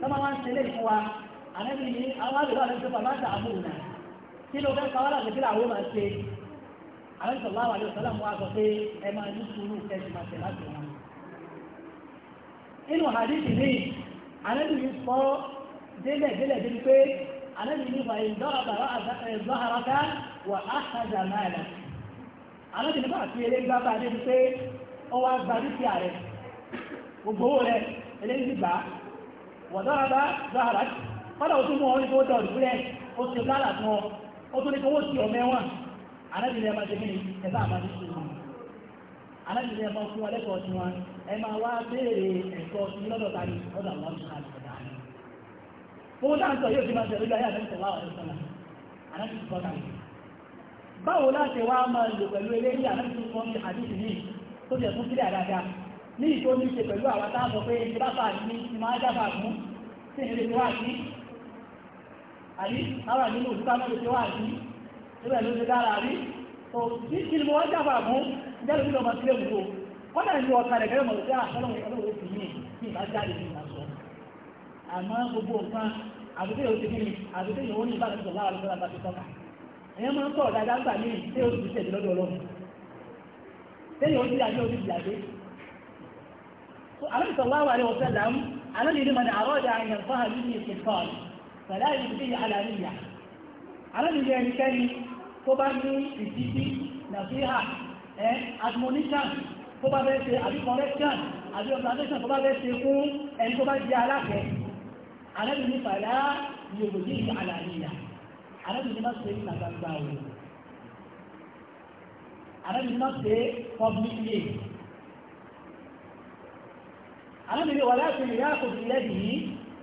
tọ́mọ wá ń tẹ́lẹ̀ fún wa àlẹ́bí ni àwọn àbẹ̀lọ́ àlẹ́bí tó bàbá àtàbù nà kí ló fẹ́ pa wá láti kí làwọn máa ṣe àlẹ́bí sọ̀rọ̀ àwọn àlẹ́bí sọ̀rọ̀ wa sọ pé ẹ máa ní sùúrù kẹ́sì máa tẹ̀ wà áhàjà máa wọ̀dọ́rọ̀dá zahara kọ́dà ó tún mú ọrí tó dọ̀ ìpínlẹ̀ ó ti lára fún ọ ó tún ní kó wó sí ọmọ ẹ̀wọ̀n anábìnrin ẹmọ ṣe kíni ẹ̀bá àmàdí sí wọn anábìnrin ẹmọ fún ọlẹ́kọ̀ọ́ sí wọn ẹ máa wá béèrè ẹ̀kọ́ sí lọ́dọ̀ tani ọ̀dọ̀ àwọn ọ̀dọ̀ àlùkọ̀dà ni fún dáńtọ̀ yóò ti máa ṣe lójú ayé àdẹ́sẹ̀ wá ọ̀rẹ́ sọ́nà anábìnrin sọ́nà báwo láti wá máa lò pẹ̀lú eléyìí ní ìjọ ní ṣe pẹ̀lú àwọn táàbọ pé ní bàbá ní ní máa jábà mú sí ìrìn tí wà sí àbí àwọn àdínú òṣìṣẹ́ mọ́lẹ̀ wà sí níbẹ̀ ló ṣe dára rí tó ní kí ni mo wá jábà mú jẹ́rù bí lọ́mọ sílẹ̀ wúwo wọ́n náà ní ọ̀tá rẹ̀ gẹ́gẹ́ mọ̀ sí àtọ́lọ́wọ́ ọlọ́wọ́ fi yìn ní ìbá jáde ní ìbá sọ àmọ́ gbogbo nǹkan àbúté yóò ti kí ni àbúté yóò ní ìbára sọ̀rọ̀ lára lọ́sọ̀rọ̀ àti sọ́kà ẹ̀yẹ́ máa ń sọ̀rọ̀ dáadáa gbà ní ìdí tí yóò ti tẹ̀lé lọ́dọ̀ ọlọ́run tẹ́yìn ó ti yàgbé ó النبي صلى الله عليه وسلم الذي لمن أراد أن ينصها مني سلطان فلا يبديه علانية الذي يعني كان تبني بسيتي نصيحة admonition tó bá bẹ́ẹ̀ ṣe àbí correction àbí observation tó bá bẹ́ẹ̀ ṣe fún ẹni tó bá jẹ́ aláfẹ́ alẹ́bìn ní fàlá yòòdì àlàyé alẹ́bìn ní má ṣe ní àgbàgbà òun alẹ́bìn ní má ṣe publicly anábìnrin wà láti lè yáàkó sí lẹ́bì yìí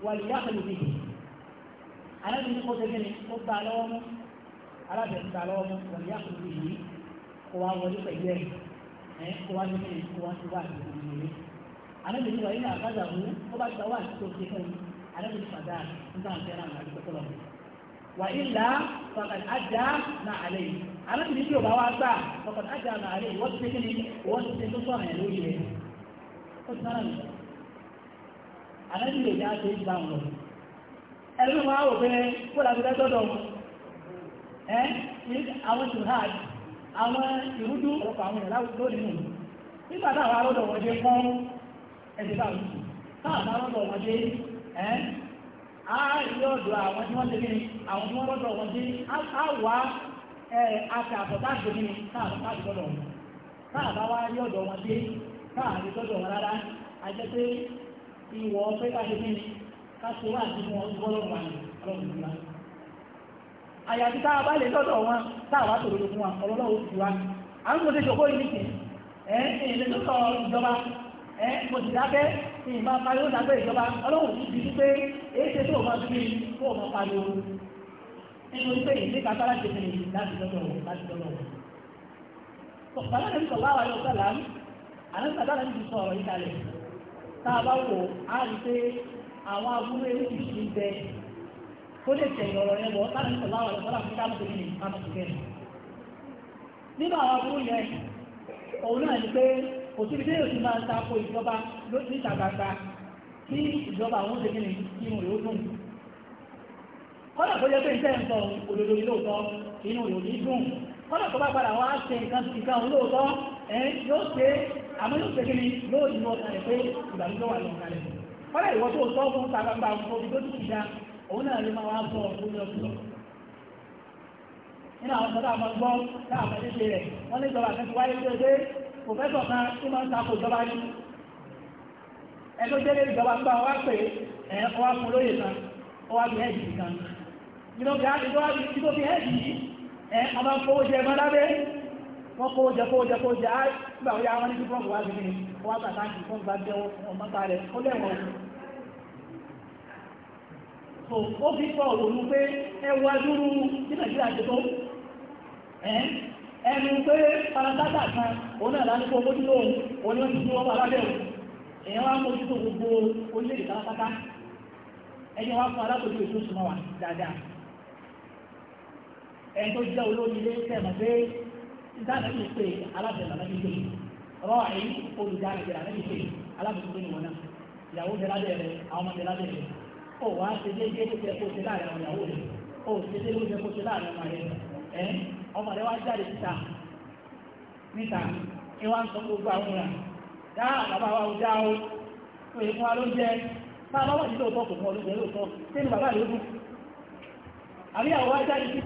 wà lè yáàkó lè bìí anábìnrin kó tẹ́lẹ̀ ní ó gbà lọ́wọ́ mú alábẹ̀rẹ̀ gbà lọ́wọ́ mú wà lè yáàkó lè bìí kó wá wọlé pẹ̀lú ẹ̀ kó wá ní kíni kó wá sí wà lè bìí lè anábìnrin wà nínú àgbàdà mú ó bá gba wà tó ṣe fún mi anábìnrin fàdá nígbà fẹ́ràn àgbàdà tó lọ wà ilà fàkàn àjà náà àlẹ́ yìí alábìnrin tí o bá wá gbà fàkàn àjà náà àlẹ́ yìí wọ́n ti ṣe kíni wọ́n ti ṣe tó sọ̀rọ̀ ẹ̀ lórí rẹ̀ ó ti sára mi àlẹ́bí lè ṣe ìgbà wọn ẹgbẹ́ wọn áwò pé kó làbí lẹ́tọ́dọ̀ ẹ́ àwọn ṣùhàd àwọn ìrúdú ọ̀pọ̀ àwọn ìrìnlá lónìí nù arọ́dọ̀ wọn dé kọ́ ẹ̀sẹ̀ báwọn táwọn arọ́dọ̀ ẹ́ a ìwọ̀ pé ká ṣe kí ni ká ṣe wá àti wọn gbọ́lọ́rùn wa ní ọlọ́run ìlú wa àyàfi tá a bá lè lọ́dọ̀ wọn tá a wá tòrò fún wa ọlọ́run ti wa à ń gbọ́dọ̀ ṣògbó yìí nìkì ẹ̀ ẹ̀ lè lọ́tọ̀ ìjọba ẹ̀ mo sì dákẹ́ ìmọ̀ pariwo dàgbẹ́ ìjọba ọlọ́run ti di pé èyí ṣe tó o máa fi kó o máa pariwo nínú pé ìdí tá a bá wò á rí pé àwọn abúlé oríṣiríṣi ń bẹ kó lè tẹ̀yìn ọ̀rọ̀ yẹn bọ̀ ọ́ sáré sọ̀rọ̀ àwọn ọ̀rọ̀ fún káàmù tèmi káàmù tèmi nínú àwọn abúlé yẹn òun náà ni pé òtún ilé òtún máa ń tako ìjọba lóṣù níta gbangba kí ìjọba àwọn oúnjẹ kìnnì kí inú rẹ̀ ó dùn kọ́nà tó yẹ pé iṣẹ́ ń sọ òdodo ní lóòótọ́ inú rẹ̀ ò ní dùn kọ́nà tó bá padà wá ṣe nǹkan nǹkan òun lóòótọ́ ẹ̀ yóò ṣe àmọ́ yóò tẹ́kẹ́ ní lóò ní ọ̀sán rẹ̀ pé ìgbàlódé wà lọ́wọ́ kalẹ̀ kọ́lá ìwọ tó sọ fún sàgbàgbà omi tó ti da òun náà ló máa wá sọ fún ní ọdún lọ nínú àwọn ọ̀sán táwọn gbọ́ táwọn ọ̀sán tẹ́tẹ́ rẹ̀ wọ́n lè jọba àfẹ́fẹ́ wáyé tó dé pòfẹ́sọ̀ kan tó máa ń takò ìjọba ní ẹgbẹ́ jẹ́lẹ̀ ìjọba ń gbà gbà ó yá wọn ní fọ́ọ̀mù wá sí ní wọ́n bá táǹkì jẹ́ ọmọ bá rẹ̀ ó lẹ́wọ̀n so ó fi sọ òun pé ẹwà dúró ní nàìjíríà tó ẹnu pé paratata kan òun náà láti kó mójútó òun ni wọ́n ti òun wá mójútó gbogbo orílẹ̀-èdè ẹni wá fún dáadáa ẹni Ndị bí pé alábẹ̀rẹ̀ ala pé rọ́ọ̀ì olùdarí bẹ̀rẹ̀ lànà bí pé alábẹ̀rẹ̀ wọn náà ìyàwó bẹ̀rẹ̀ abẹ́rẹ́ àwọn ó ṣe déédéé ló fẹ́ kó ṣe láàrin àwọn ìyàwó rẹ̀ ó ṣe déédéé ló fẹ́ kó ṣe láàrin ọmọ rẹ̀ ẹ̀ ọmọ rẹ̀ wá jáde síta níta sọ gbogbo àwọn dá bàbá wa o pé fún wa bá bá wà nílò kò fún lóòótọ́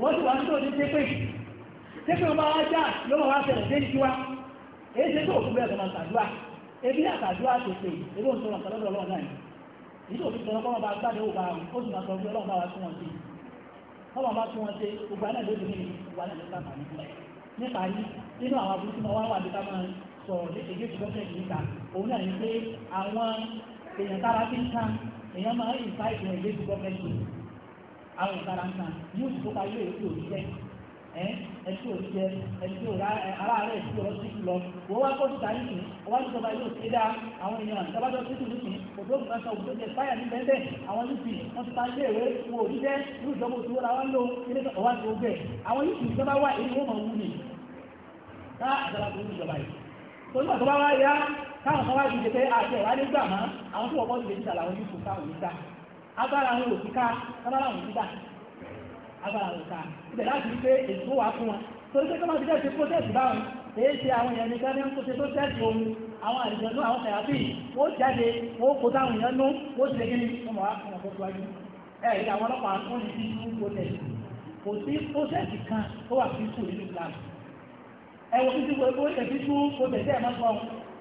wọ́n sì wá tó ní tẹ́pẹ́ tẹ́pẹ́ ọba wá já ló mọ̀ wá fẹ̀rẹ̀ dé ìjú wa èyí tẹ́ ó sì máa nínú àwọn aburú tí wọ́n wà ní ká máa ní èdè tí gọ́ọ̀mẹ̀ntì níta òun náà ní pé àwọn èèyàn tára fi ń kan èèyàn máa ń ìfà ìgbìmọ̀ èdè tí àwọn ìtara nǹkan yóò tó ta ilé ètò òṣìṣẹ́ ẹtí òṣìṣẹ́ ẹtí aláàárẹ̀ tí ọ̀rọ̀ sí lọ wọ́n wá kọ́ síta nìkín wọ́n ti sọba yóò ṣe dáa àwọn èèyàn ìjọbájọ́ títù nìkín òjò nǹkan sọ òjò jẹ fáyà ní bẹ́ẹ̀ àwọn yìí wọ́n ti ta ilé ìwé wo òṣìṣẹ́ ní ìjọba òṣìṣẹ́ la wọ́n lò ilé ọwá ti ó àwọn yìí kì í sọba wá èyí wọ́n mọ̀ wú ni ká àjọba tó ń ìjọba yìí torí àtọ́ba wá yá káwọn kan wá ti dé pé àti ẹ̀wá agbára àwọn òkúta agbára àwọn òkúta agbára àwọn òkúta ibẹ̀ láti rí pé èso wà fún wọn torí pé kọ́mọ̀ dídẹ́ ṣe protest báwọn èé ṣe àwọn èèyàn ní gánà ń kó ṣe protest ohun àwọn àrìjọ̀nú àwọn fẹ̀yàfì wọ́n jáde wọ́n kó táwọn èèyàn nú wọ́n ti lẹ́gẹ́ ní ọmọ wa fún ọkọ̀ síwájú ẹ̀rí àwọn ọlọ́pàá wọ́n ní sí fún protest kò sí protest kan ó wà fífún nínú plan ẹ̀wọ̀n fífún protest ẹ̀ máa ń sọ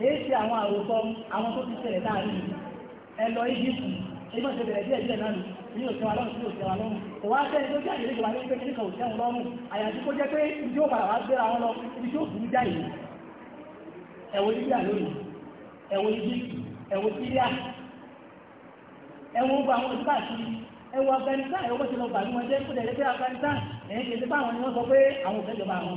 èyí ṣe àwọn àròsọ àwọn tó ti ṣẹlẹ̀ láàrin ẹ lọ Íjíbítì ẹgbẹ́ ṣe bẹ̀rẹ̀ díẹ̀ díẹ̀ náà nù ní òṣèwà lọ́rùn sí òṣèwà lọ́rùn kò wá sẹ́ni tó jẹ́ àjẹ́lẹ́ ìjọba ní pé kíníkà òṣèwà lọ́rùn àyàtí kó jẹ́ pé ìjọ padà wá gbéra wọn lọ ibi tí ó kù ní jáì ẹ̀wọ̀ Libya lónìí ẹ̀wọ̀ Egypt ẹ̀wọ̀ Syria ẹ̀wọ̀ gbogbo àwọn ìgbà sí ẹ̀wọ̀ Afghanistan ẹ̀wọ̀ bó ti lọ gbà ní wọn jẹ́ kó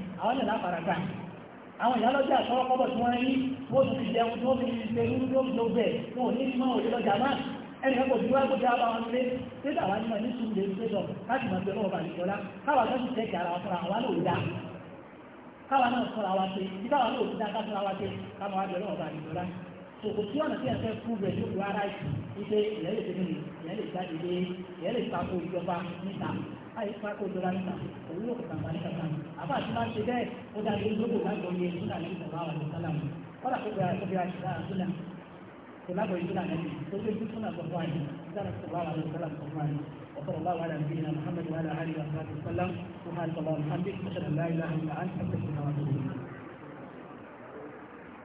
àwọn ìlànà àfàràgbà àwọn ìyálọ́jà àtọwọ́kọ́bọ̀ tí wọ́n rí wọ́n tún fi jẹun tí wọ́n fi ṣe irú tó fi lóògbé wọn ò ní ìmọ̀ òye lọ́jà máa ẹni ẹ̀kọ́ tí wọ́n gbọ́dọ̀ àwọn ọmọdé tí àwọn anímọ̀ ní sùn lè gbé lọ láti máa bẹ̀rẹ̀ ọba àlejòlá káwa náà sì tẹ́kẹ̀ ara fúnra wa ló dá káwa náà sọ̀rọ̀ wa ṣe tí káwa náà ò ti dá ká fúnra wa ṣe káwa wá bẹ̀rẹ̀ ọba àlejòlá kò sí ọ̀nà tí ẹ fẹ́ fún rẹ̀ lóko ara yìí wípé ìyẹn lè tẹ́lẹ̀ ìyẹn lè jáde lé ìyẹn lè tako ìjọba níta láyé tako ìjọba níta òun yóò kàkà ní kàkà àbá àti bá ṣe bẹ́ẹ̀ ó dájú lóko lágbo yẹ nígbà ní ìjọba àwọn ìjọba mi kọ́dà tó bẹ̀rẹ̀ tó bẹ̀rẹ̀ àṣìlá àṣìlá kò lágbo ìjọba mi tó bẹ̀rẹ̀ tó fún àgbọ̀fọ́ àyè ìjọba ìjọba وصلى الله على نبينا محمد وعلى اله وصحبه وسلم وسبحانك اللهم وبحمدك اشهد ان لا اله الا انت استغفرك واتوب اليك